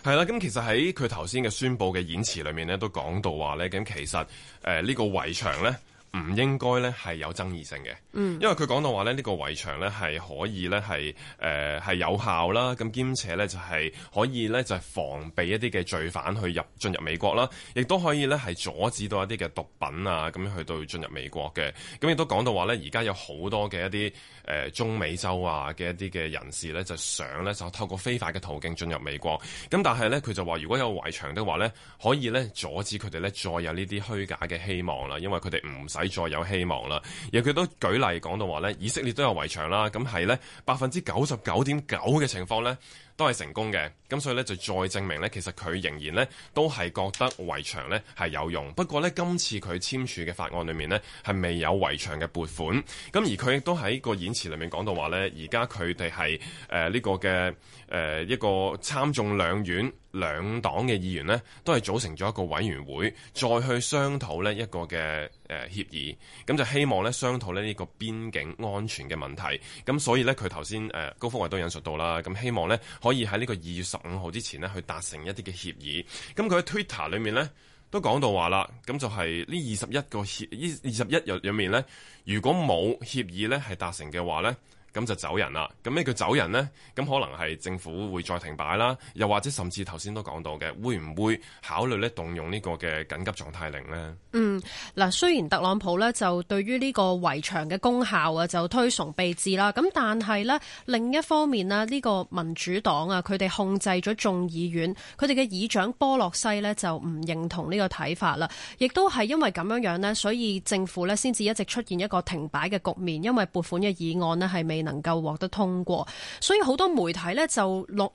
係啦，咁其實喺佢頭先嘅宣佈嘅演詞裏面咧，都講到話咧，咁其實呢、呃呢個圍牆咧。唔應該咧係有爭議性嘅，嗯，因為佢講到話咧呢個圍牆咧係可以咧係誒係有效啦，咁兼且咧就係可以咧就係防備一啲嘅罪犯去入進入美國啦，亦都可以咧係阻止到一啲嘅毒品啊咁樣去到進入美國嘅。咁亦都講到話咧，而家有好多嘅一啲誒中美洲啊嘅一啲嘅人士咧，就想咧就透過非法嘅途徑進入美國。咁但係咧佢就話，如果有圍牆的話咧，可以咧阻止佢哋咧再有呢啲虛假嘅希望啦，因為佢哋唔使。再有希望啦，而佢都舉例講到話咧，以色列都有圍牆啦，咁係咧，百分之九十九點九嘅情況咧。都係成功嘅，咁所以呢，就再證明呢，其實佢仍然呢，都係覺得圍牆呢係有用。不過呢，今次佢簽署嘅法案裏面呢，係未有圍牆嘅撥款。咁而佢亦都喺個演詞裏面講到話呢，而家佢哋係誒呢個嘅誒、呃、一個參眾兩院兩黨嘅議員呢，都係組成咗一個委員會，再去商討呢一個嘅誒協議。咁就希望呢，商討呢呢個邊境安全嘅問題。咁所以呢，佢頭先誒高福華都引述到啦，咁希望呢。可以喺呢個二月十五號之前咧，去達成一啲嘅協議。咁佢喺 Twitter 裏面咧，都講到話啦，咁就係呢二十一個協呢二十一日入面咧，如果冇協議咧，係達成嘅話咧。咁就走人啦！咁咩叫走人咧？咁可能係政府會再停擺啦，又或者甚至頭先都講到嘅，會唔會考慮呢動用呢個嘅緊急狀態令呢？嗯，嗱，雖然特朗普呢就對於呢個圍牆嘅功效啊就推崇備至啦，咁但係呢，另一方面呢，呢個民主黨啊，佢哋控制咗眾議院，佢哋嘅議長波洛西呢就唔認同呢個睇法啦，亦都係因為咁樣樣呢，所以政府呢先至一直出現一個停擺嘅局面，因為撥款嘅議案呢係未能。能夠獲得通過，所以好多媒體呢就用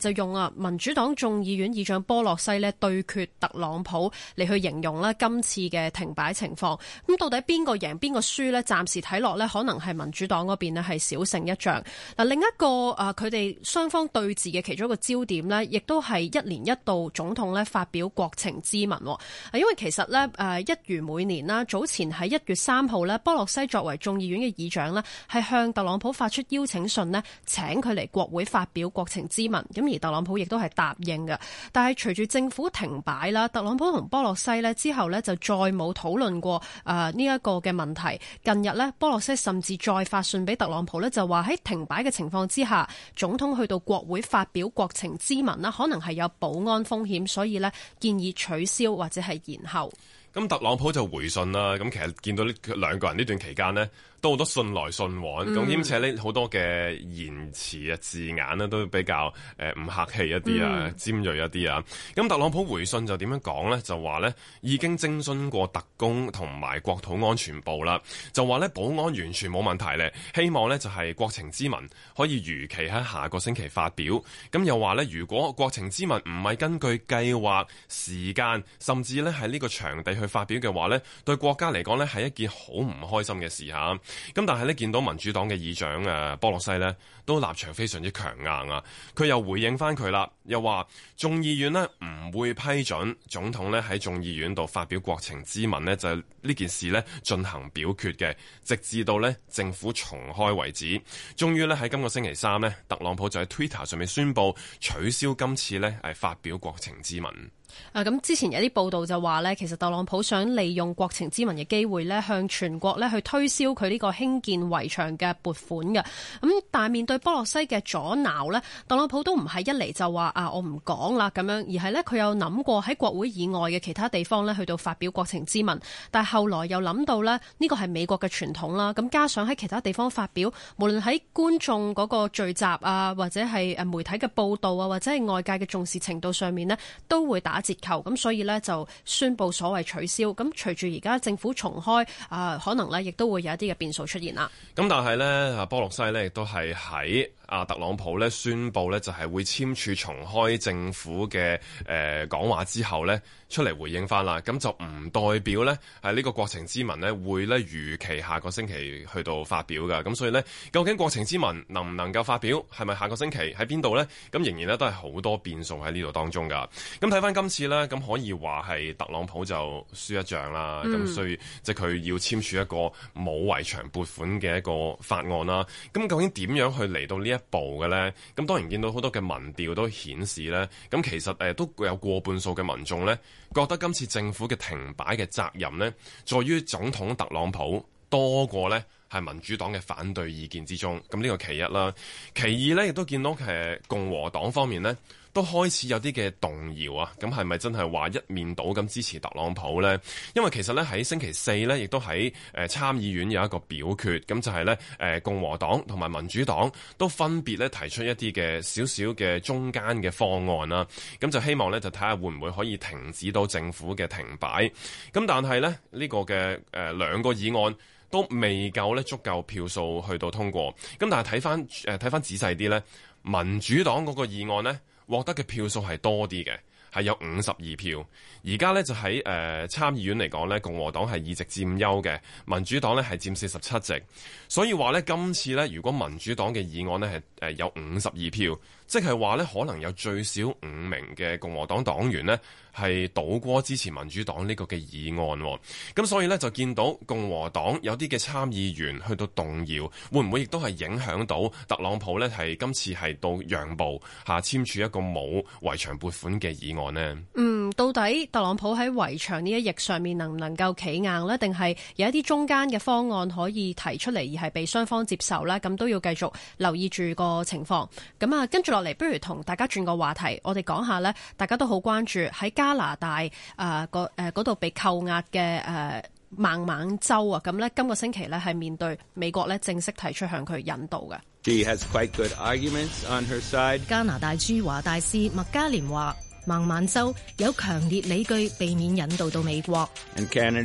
就用啊民主黨眾議院議長波洛西呢對決特朗普嚟去形容呢今次嘅停擺情況。咁到底邊個贏邊個輸呢？暫時睇落呢，可能係民主黨嗰邊咧係小勝一仗。嗱，另一個啊，佢哋雙方對峙嘅其中一個焦點呢，亦都係一年一度總統呢發表國情咨文。啊，因為其實呢，一如每年啦，早前喺一月三號呢，波洛西作為眾議院嘅議長呢，係向特朗普。好，發出邀請信呢，請佢嚟國會發表國情咨文。咁而特朗普亦都係答應嘅。但係隨住政府停擺啦，特朗普同波洛西呢之後呢，就再冇討論過誒呢一個嘅問題。近日呢，波洛西甚至再發信俾特朗普呢，就話喺停擺嘅情況之下，總統去到國會發表國情咨文啦，可能係有保安風險，所以呢建議取消或者係延後。咁特朗普就回信啦。咁其實見到呢兩個人呢段期間呢。都好多信來信往，咁、嗯、兼且呢好多嘅言詞啊字眼呢，都比較誒唔、呃、客氣一啲啊、嗯、尖銳一啲啊，咁特朗普回信就點樣講呢？就話呢，已經徵詢過特工同埋國土安全部啦，就話呢，保安完全冇問題呢，希望呢，就係、是、國情咨文可以如期喺下個星期發表，咁又話呢，如果國情咨文唔係根據計劃時間，甚至呢，喺呢個場地去發表嘅話呢，對國家嚟講呢，係一件好唔開心嘅事嚇。咁但係咧，見到民主黨嘅議長、啊、波洛西呢都立場非常之強硬啊。佢又回應翻佢啦，又話眾議院呢唔會批准總統呢喺眾議院度發表國情咨文呢就呢件事呢進行表決嘅，直至到呢政府重開為止。終於呢喺今個星期三呢，特朗普就喺 Twitter 上面宣布取消今次呢係發表國情咨文。誒、啊，咁之前有啲報道就話咧，其實特朗普想利用國情咨文嘅機會咧，向全國咧去推銷佢呢個興建圍牆嘅撥款嘅。咁但面對波洛西嘅阻撓咧，特朗普都唔係一嚟就話啊，我唔講啦咁樣，而係咧佢有諗過喺國會以外嘅其他地方咧去到發表國情咨文，但係後來又諗到咧呢個係美國嘅傳統啦。咁加上喺其他地方發表，無論喺觀眾嗰個聚集啊，或者係誒媒體嘅報道啊，或者係外界嘅重視程度上面呢，都會打。打折扣咁，所以咧就宣布所謂取消。咁隨住而家政府重開，啊，可能咧亦都會有一啲嘅變數出現啦。咁但係咧，啊，波洛西咧亦都係喺。阿特朗普咧宣布咧就係會簽署重開政府嘅誒講話之後咧出嚟回應翻啦，咁就唔代表咧係呢個國情咨文咧會咧如期下個星期去到發表噶，咁所以咧究竟國情咨文能唔能夠發表，係咪下個星期喺邊度咧？咁仍然咧都係好多變數喺呢度當中噶。咁睇翻今次咧，咁可以話係特朗普就輸一仗啦。咁所以即係佢要簽署一個冇圍牆撥款嘅一個法案啦。咁究竟點樣去嚟到呢一步嘅咧，咁當然見到好多嘅民調都顯示咧，咁其實誒都有過半數嘅民眾咧，覺得今次政府嘅停擺嘅責任咧，在於總統特朗普多過咧。係民主黨嘅反對意見之中，咁呢個其一啦。其二呢，亦都見到誒共和黨方面呢，都開始有啲嘅動搖啊！咁係咪真係話一面倒咁支持特朗普呢？因為其實呢，喺星期四呢，亦都喺參議院有一個表決，咁就係呢、呃，共和黨同埋民主黨都分別咧提出一啲嘅少少嘅中間嘅方案啦、啊。咁就希望呢，就睇下會唔會可以停止到政府嘅停擺。咁但係呢，呢個嘅、呃、兩個議案。都未夠咧，足夠票數去到通過。咁但係睇翻誒，睇翻仔細啲咧，民主黨嗰個議案呢，獲得嘅票數係多啲嘅，係有五十二票。而家咧就喺誒、呃、參議院嚟講咧，共和黨係議席佔優嘅，民主黨咧係佔四十七席。所以話咧，今次咧如果民主黨嘅議案呢，係誒、呃、有五十二票。即係話呢可能有最少五名嘅共和黨黨員呢係倒戈支持民主黨呢個嘅議案。咁所以呢，就見到共和黨有啲嘅參議員去到動搖，會唔會亦都係影響到特朗普呢？係今次係到讓步嚇簽署一個冇圍牆撥款嘅議案呢？嗯，到底特朗普喺圍牆呢一役上面能唔能夠企硬呢？定係有一啲中間嘅方案可以提出嚟而係被雙方接受呢？咁都要繼續留意住個情況。咁啊，跟住。落嚟，不如同大家轉個話題，我哋講下大家都好關注喺加拿大啊，誒嗰度，被扣押嘅，誒、呃、孟晚舟啊，咁咧今個星期咧係面對美國咧正式提出向佢引渡嘅。She has quite good arguments on her side. 加拿大駐華大使麥嘉廉話，孟晚舟有強烈理據避免引渡到美國。加拿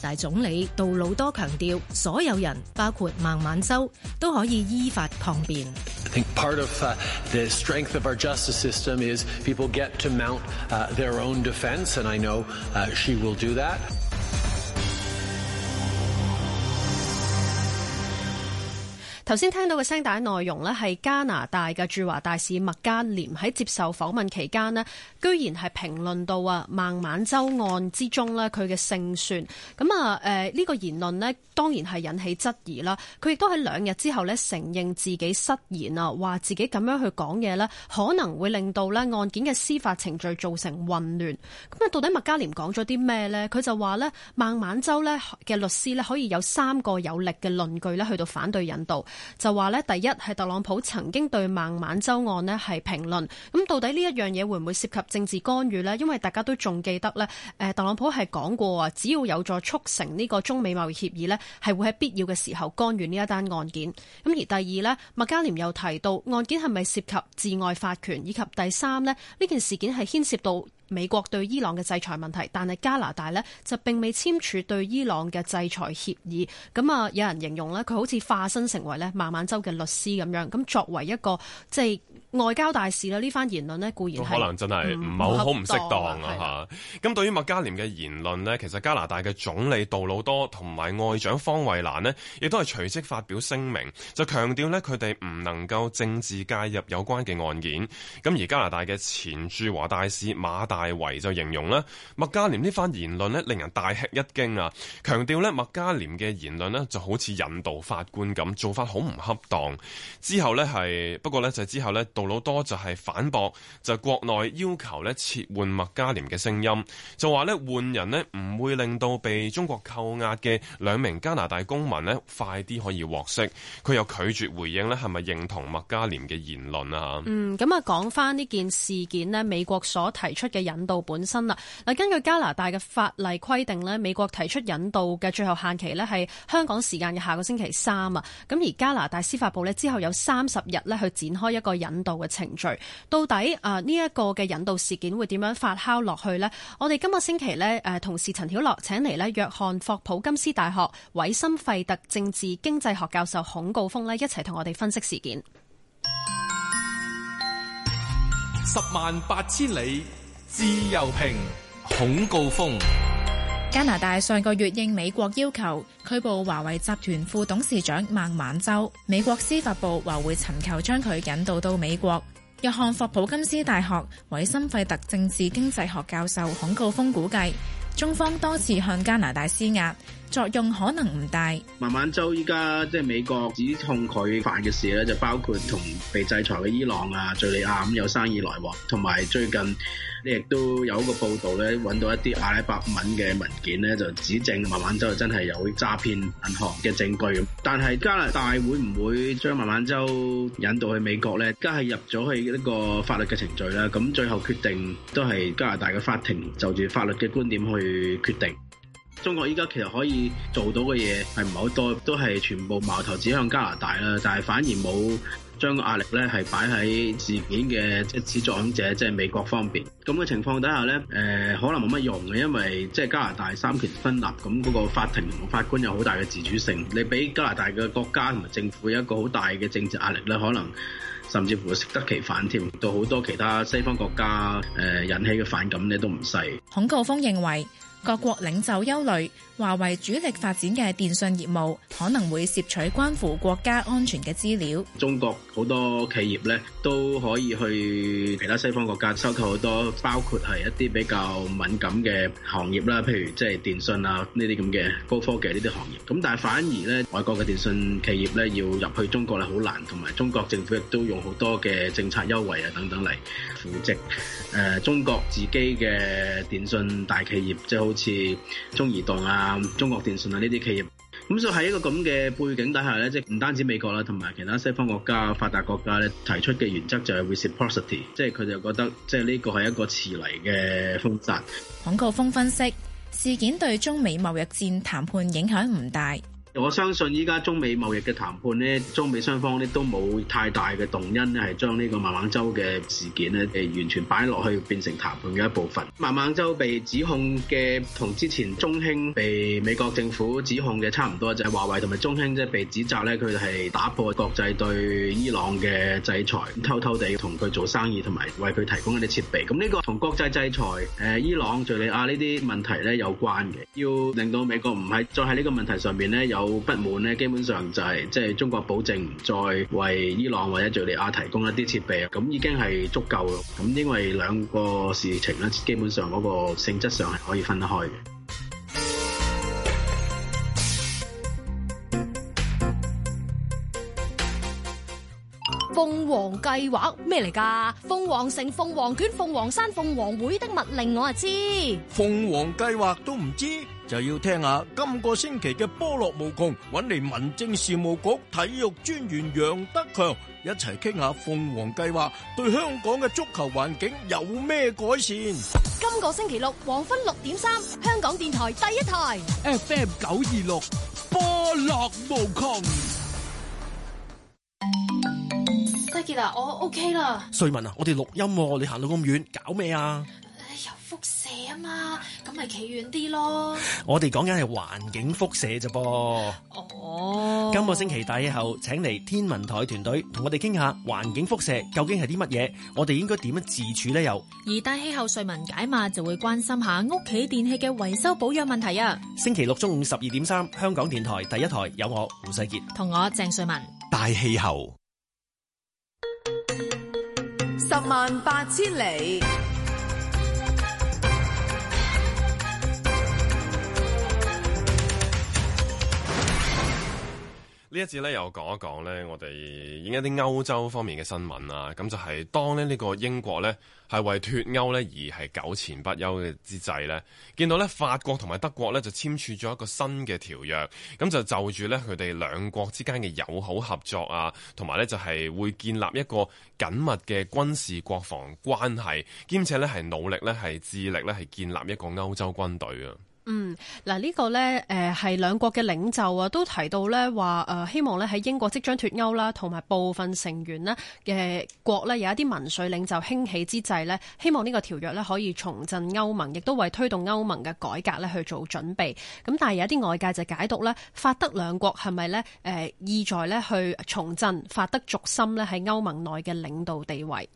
大總理杜魯多強調，所有人包括孟晚舟都可以依法抗辯。頭先聽到嘅聲帶內容呢，係加拿大嘅駐華大使麥家廉喺接受訪問期間呢，居然係評論到啊孟晚舟案之中呢，佢嘅勝算。咁啊誒呢個言論呢，當然係引起質疑啦。佢亦都喺兩日之後呢，承認自己失言啊，話自己咁樣去講嘢呢，可能會令到呢案件嘅司法程序造成混亂。咁啊，到底麥家廉講咗啲咩呢？佢就話呢，孟晚舟呢嘅律師呢，可以有三個有力嘅論據呢，去到反對引渡。就話呢，第一係特朗普曾經對孟晚舟案咧係評論，咁到底呢一樣嘢會唔會涉及政治干預呢？因為大家都仲記得咧，誒特朗普係講過啊，只要有助促成呢個中美貿易協議咧，係會喺必要嘅時候干預呢一單案件。咁而第二咧，麥嘉廉又提到案件係咪涉及治外法權，以及第三呢，呢件事件係牽涉到。美國對伊朗嘅制裁問題，但係加拿大呢就並未簽署對伊朗嘅制裁協議。咁啊，有人形容呢，佢好似化身成為呢孟晚舟嘅律師咁樣。咁作為一個即係。就是外交大事啦，呢番言論咧固然係，可能真係唔係好，好唔適當啊嚇。咁對於麥嘉廉嘅言論呢，其實加拿大嘅總理杜魯多同埋外長方慧蘭呢，亦都係隨即發表聲明，就強調呢佢哋唔能夠政治介入有關嘅案件。咁而加拿大嘅前駐華大使馬大維就形容咧麥嘉廉呢番言論呢，令人大吃一驚啊，強調呢麥嘉廉嘅言論呢，就好似引導法官咁，做法好唔恰當。之後呢係不過呢，就係、之後呢。到。老多就係反駁，就國內要求咧，撤換麥嘉廉嘅聲音，就話咧換人咧唔會令到被中國扣押嘅兩名加拿大公民咧快啲可以獲釋。佢又拒絕回應咧，係咪認同麥嘉廉嘅言論啊？嗯，咁啊，講翻呢件事件咧，美國所提出嘅引渡本身啦，嗱，根據加拿大嘅法例規定咧，美國提出引渡嘅最後限期咧係香港時間嘅下個星期三啊。咁而加拿大司法部呢，之後有三十日去展開一個引道嘅程序到底誒，呢一個嘅引渡事件會點樣發酵落去呢？我哋今個星期呢，誒、啊，同事陳曉樂請嚟呢約翰霍普，普金斯大學韋森費特政治經濟學教授孔誥烽呢一齊同我哋分析事件。十萬八千里自由平孔誥烽。加拿大上個月應美國要求拘捕華為集團副董事長孟晚舟，美國司法部話會尋求將佢引渡到美國。約翰霍普普金斯大學韋森費特政治經濟學教授孔告峰估計，中方多次向加拿大施壓。作用可能唔大。孟晚舟依家即係美國指控佢犯嘅事咧，就包括同被制裁嘅伊朗啊、敘利亞咁有生意來往，同埋最近呢亦都有一個報道咧，揾到一啲阿拉伯文嘅文件咧，就指證孟晚舟真係有詐騙銀行嘅證據。但係加拿大會唔會將孟晚舟引渡去美國咧？而家係入咗去呢個法律嘅程序啦，咁最後決定都係加拿大嘅法庭就住法律嘅觀點去決定。中國依家其實可以做到嘅嘢係唔係好多，都係全部矛頭指向加拿大啦。但係反而冇將個壓力咧係擺喺自己嘅即係始作俑者，即係美國方面。咁嘅情況底下咧，誒可能冇乜用嘅，因為即係加拿大三權分立，咁嗰個法庭同法官有好大嘅自主性。你俾加拿大嘅國家同埋政府有一個好大嘅政治壓力咧，可能甚至乎會適得其反添，到好多其他西方國家誒引起嘅反感咧都唔細。孔誥烽認為。各國領袖憂慮華為主力發展嘅電信業務，可能會攝取關乎國家安全嘅資料。中國好多企業咧都可以去其他西方國家收購好多，包括係一啲比較敏感嘅行業啦，譬如即係電信啊呢啲咁嘅高科技呢啲行業。咁但係反而咧，外國嘅電信企業咧要入去中國咧好難，同埋中國政府亦都用好多嘅政策優惠啊等等嚟扶植誒、呃、中國自己嘅電信大企業，即係好似中移動啊，中國電信啊，呢啲企業，咁就喺一個咁嘅背景底下咧，即係唔單止美國啦，同埋其他西方國家、發達國家咧提出嘅原則就係 reciprocity，即係佢就覺得即係呢個係一個遲嚟嘅風閘。孔誥烽分析事件對中美貿易戰談判影響唔大。我相信依家中美貿易嘅談判呢，中美雙方咧都冇太大嘅動因呢，係將呢個孟晚舟嘅事件咧，完全擺落去變成談判嘅一部分。孟晚舟被指控嘅同之前中興被美國政府指控嘅差唔多就，就係華為同埋中興即係被指責咧，佢係係打破國際對伊朗嘅制裁，偷偷地同佢做生意，同埋為佢提供一啲設備。咁、這、呢個同國際制裁誒伊朗、敘利亞呢啲問題咧有關嘅，要令到美國唔係再喺呢個問題上面咧有。有不滿咧，基本上就係即係中國保證唔再為伊朗或者敘利亞提供一啲設備，咁已經係足夠咯。咁因為兩個事情咧，基本上嗰個性質上係可以分開嘅。鳳凰計劃咩嚟㗎？鳳凰城、鳳凰卷、鳳凰山、鳳凰會的密令我啊知。鳳凰計劃都唔知，就要聽下今個星期嘅波樂無窮，搵嚟民政事務局體育專員楊德強一齊傾下鳳凰計劃對香港嘅足球環境有咩改善。今個星期六黃昏六點三，香港電台第一台 FM 九二六波樂無窮。西杰啦、啊、我 OK 啦。瑞文啊，我哋錄音、啊，你行到咁遠，搞咩啊？輻射啊嘛，咁咪企遠啲咯。我哋講緊係環境輻射啫噃。哦、oh.，今個星期大氣候，請嚟天文台團隊同我哋傾下環境輻射究竟係啲乜嘢，我哋應該點樣自處呢？又而大氣候瑞文解碼就會關心下屋企電器嘅維修保養問題啊。星期六中午十二點三，香港電台第一台有我胡世杰同我鄭瑞文大氣候十萬八千里。呢一節咧又講一講咧，我哋影一啲歐洲方面嘅新聞啊，咁就係當咧呢個英國咧係為脱歐咧而係糾纏不休嘅之際咧，見到咧法國同埋德國咧就簽署咗一個新嘅條約，咁就就住咧佢哋兩國之間嘅友好合作啊，同埋咧就係會建立一個緊密嘅軍事國防關係，兼且咧係努力咧係致力咧係建立一個歐洲軍隊啊。嗯，嗱、這、呢個呢誒係兩國嘅領袖啊，都提到呢話，誒、呃、希望呢喺英國即將脱歐啦，同埋部分成員呢嘅國呢，有一啲民粹領袖興起之際呢，希望呢個條約呢可以重振歐盟，亦都為推動歐盟嘅改革呢去做準備。咁但係有一啲外界就解讀呢，法德兩國係咪呢誒意在呢去重振法德軸心呢喺歐盟內嘅領導地位？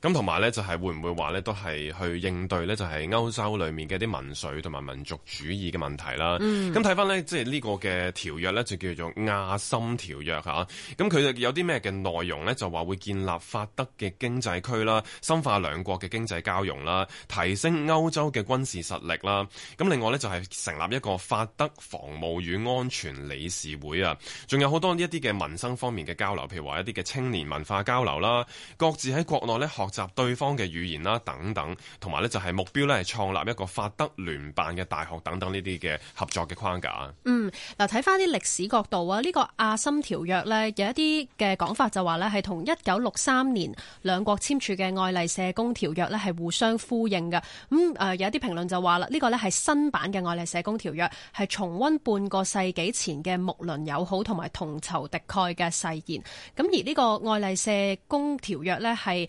咁同埋呢，就係、是、會唔會話呢？都係去應對呢，就係、是、歐洲裏面嘅一啲民粹同埋民族主義嘅問題啦。咁睇翻呢，即係呢個嘅條約呢，就叫做亞心條約嚇。咁佢就有啲咩嘅內容呢？就話會建立法德嘅經濟區啦，深化兩國嘅經濟交融啦，提升歐洲嘅軍事實力啦。咁另外呢，就係、是、成立一個法德防務與安全理事會啊，仲有好多呢一啲嘅民生方面嘅交流，譬如話一啲嘅青年文化交流啦，各自喺國內呢學習對方嘅語言啦，等等，同埋咧就係目標咧係創立一個法德聯辦嘅大學等等呢啲嘅合作嘅框架。嗯，嗱睇翻啲歷史角度啊，呢個亞琛條約呢，有一啲嘅講法就話呢係同一九六三年兩國簽署嘅愛麗舍宮條約呢係互相呼應嘅。咁、嗯、誒、呃，有一啲評論就話啦，呢個呢係新版嘅愛麗舍宮條約，係重溫半個世紀前嘅睦鄰友好同埋同仇敵愾嘅誓言。咁而呢個愛麗舍宮條約呢係。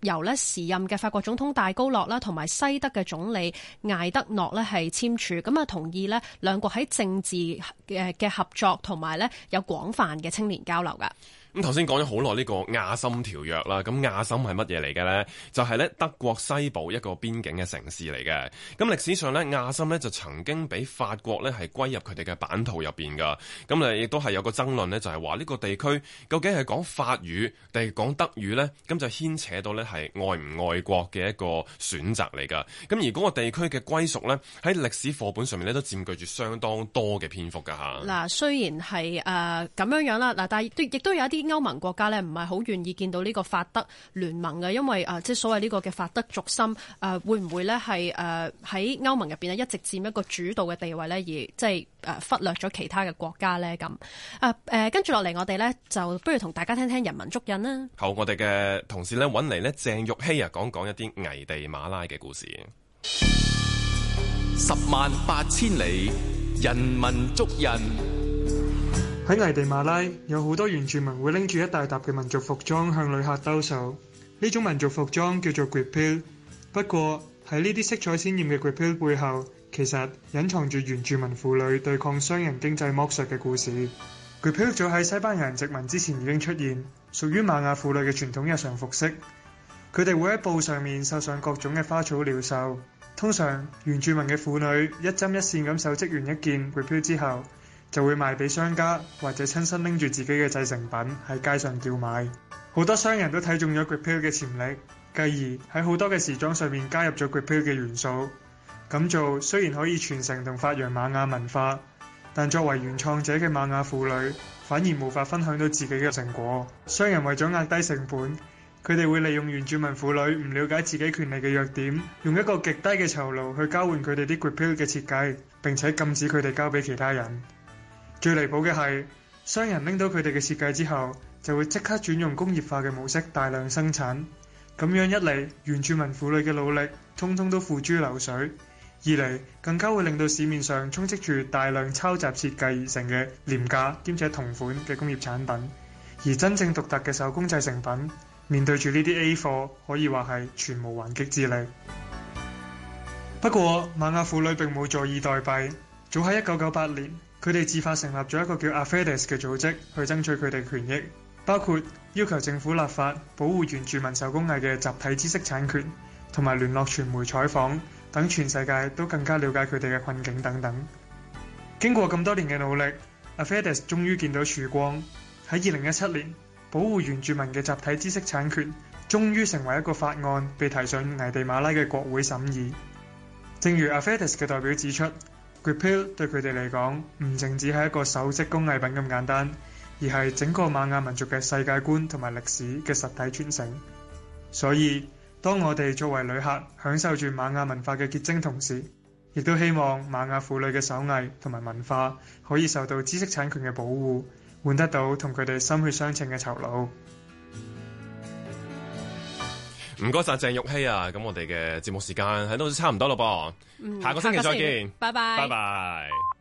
由呢時任嘅法國總統戴高樂啦，同埋西德嘅總理艾德諾呢係簽署，咁啊同意呢兩國喺政治嘅合作，同埋呢有廣泛嘅青年交流噶。咁頭先講咗好耐呢個亞心條約啦，咁亞心係乜嘢嚟嘅呢？就係、是、呢德國西部一個邊境嘅城市嚟嘅。咁歷史上呢，亞心呢就曾經俾法國呢係歸入佢哋嘅版圖入邊噶。咁啊亦都係有個爭論呢，就係話呢個地區究竟係講法語定係講德語呢？咁就牽扯到呢。係愛唔愛國嘅一個選擇嚟噶，咁而嗰個地區嘅歸屬呢，喺歷史課本上面咧都佔據住相當多嘅篇幅噶吓。嗱，雖然係誒咁樣樣啦，嗱，但係亦都有一啲歐盟國家呢，唔係好願意見到呢個法德聯盟嘅，因為啊，即係所謂呢個嘅法德軸心誒，會唔會呢？係誒喺歐盟入邊咧一直佔一個主導嘅地位呢，而即係誒忽略咗其他嘅國家呢。咁？誒誒，跟住落嚟我哋呢就不如同大家聽聽人民足印啦。好，我哋嘅同事呢，搵嚟呢。鄭玉希啊，講講一啲危地馬拉嘅故事。十萬八千里，人民族人。喺危地馬拉有好多原住民會拎住一大沓嘅民族服裝向旅客兜售。呢種民族服裝叫做裹飄，不過喺呢啲色彩鮮艷嘅裹飄背後，其實隱藏住原住民婦女對抗商人經濟剝削嘅故事。裹飄早喺西班牙人殖民之前已經出現，屬於瑪雅婦女嘅傳統日常服飾。佢哋會喺布上面繡上各種嘅花草鳥獸。通常，原住民嘅婦女一針一線咁繡織完一件絨飄之後，就會賣俾商家，或者親身拎住自己嘅製成品喺街上叫賣。好多商人都睇中咗絨飄嘅潛力，繼而喺好多嘅時裝上面加入咗絨飄嘅元素。咁做雖然可以傳承同發揚瑪雅文化，但作為原創者嘅瑪雅婦女，反而無法分享到自己嘅成果。商人為咗壓低成本，佢哋會利用原住民婦女唔了解自己權利嘅弱點，用一個極低嘅酬勞去交換佢哋啲 Gripil 嘅設計，並且禁止佢哋交俾其他人。最離譜嘅係商人拎到佢哋嘅設計之後，就會即刻轉用工業化嘅模式大量生產。咁樣一嚟，原住民婦女嘅努力通通都付諸流水；二嚟更加會令到市面上充斥住大量抄襲設計而成嘅廉價兼且同款嘅工業產品，而真正獨特嘅手工製成品。面對住呢啲 A 貨，可以話係全無還擊之力。不過，瑪雅婦女並冇坐以待斃，早喺一九九八年，佢哋自發成立咗一個叫阿 d 德 s 嘅組織，去爭取佢哋權益，包括要求政府立法保護原住民手工藝嘅集體知識產權，同埋聯絡傳媒採訪等，全世界都更加了解佢哋嘅困境等等。經過咁多年嘅努力，阿 d 德 s 終於見到曙光，喺二零一七年。保護原住民嘅集體知識產權，終於成為一個法案，被提上危地馬拉嘅國會審議。正如 Afedes 嘅代表指出，Gripil 對佢哋嚟講，唔淨止係一個手織工藝品咁簡單，而係整個瑪雅民族嘅世界觀同埋歷史嘅實體傳承。所以，當我哋作為旅客享受住瑪雅文化嘅結晶同時，亦都希望瑪雅婦女嘅手藝同埋文化可以受到知識產權嘅保護。換得到同佢哋心血相稱嘅酬勞。唔該晒。鄭玉希啊！咁我哋嘅節目時間喺度差唔多咯噃，嗯，下個星期再見，拜拜，拜拜。拜拜。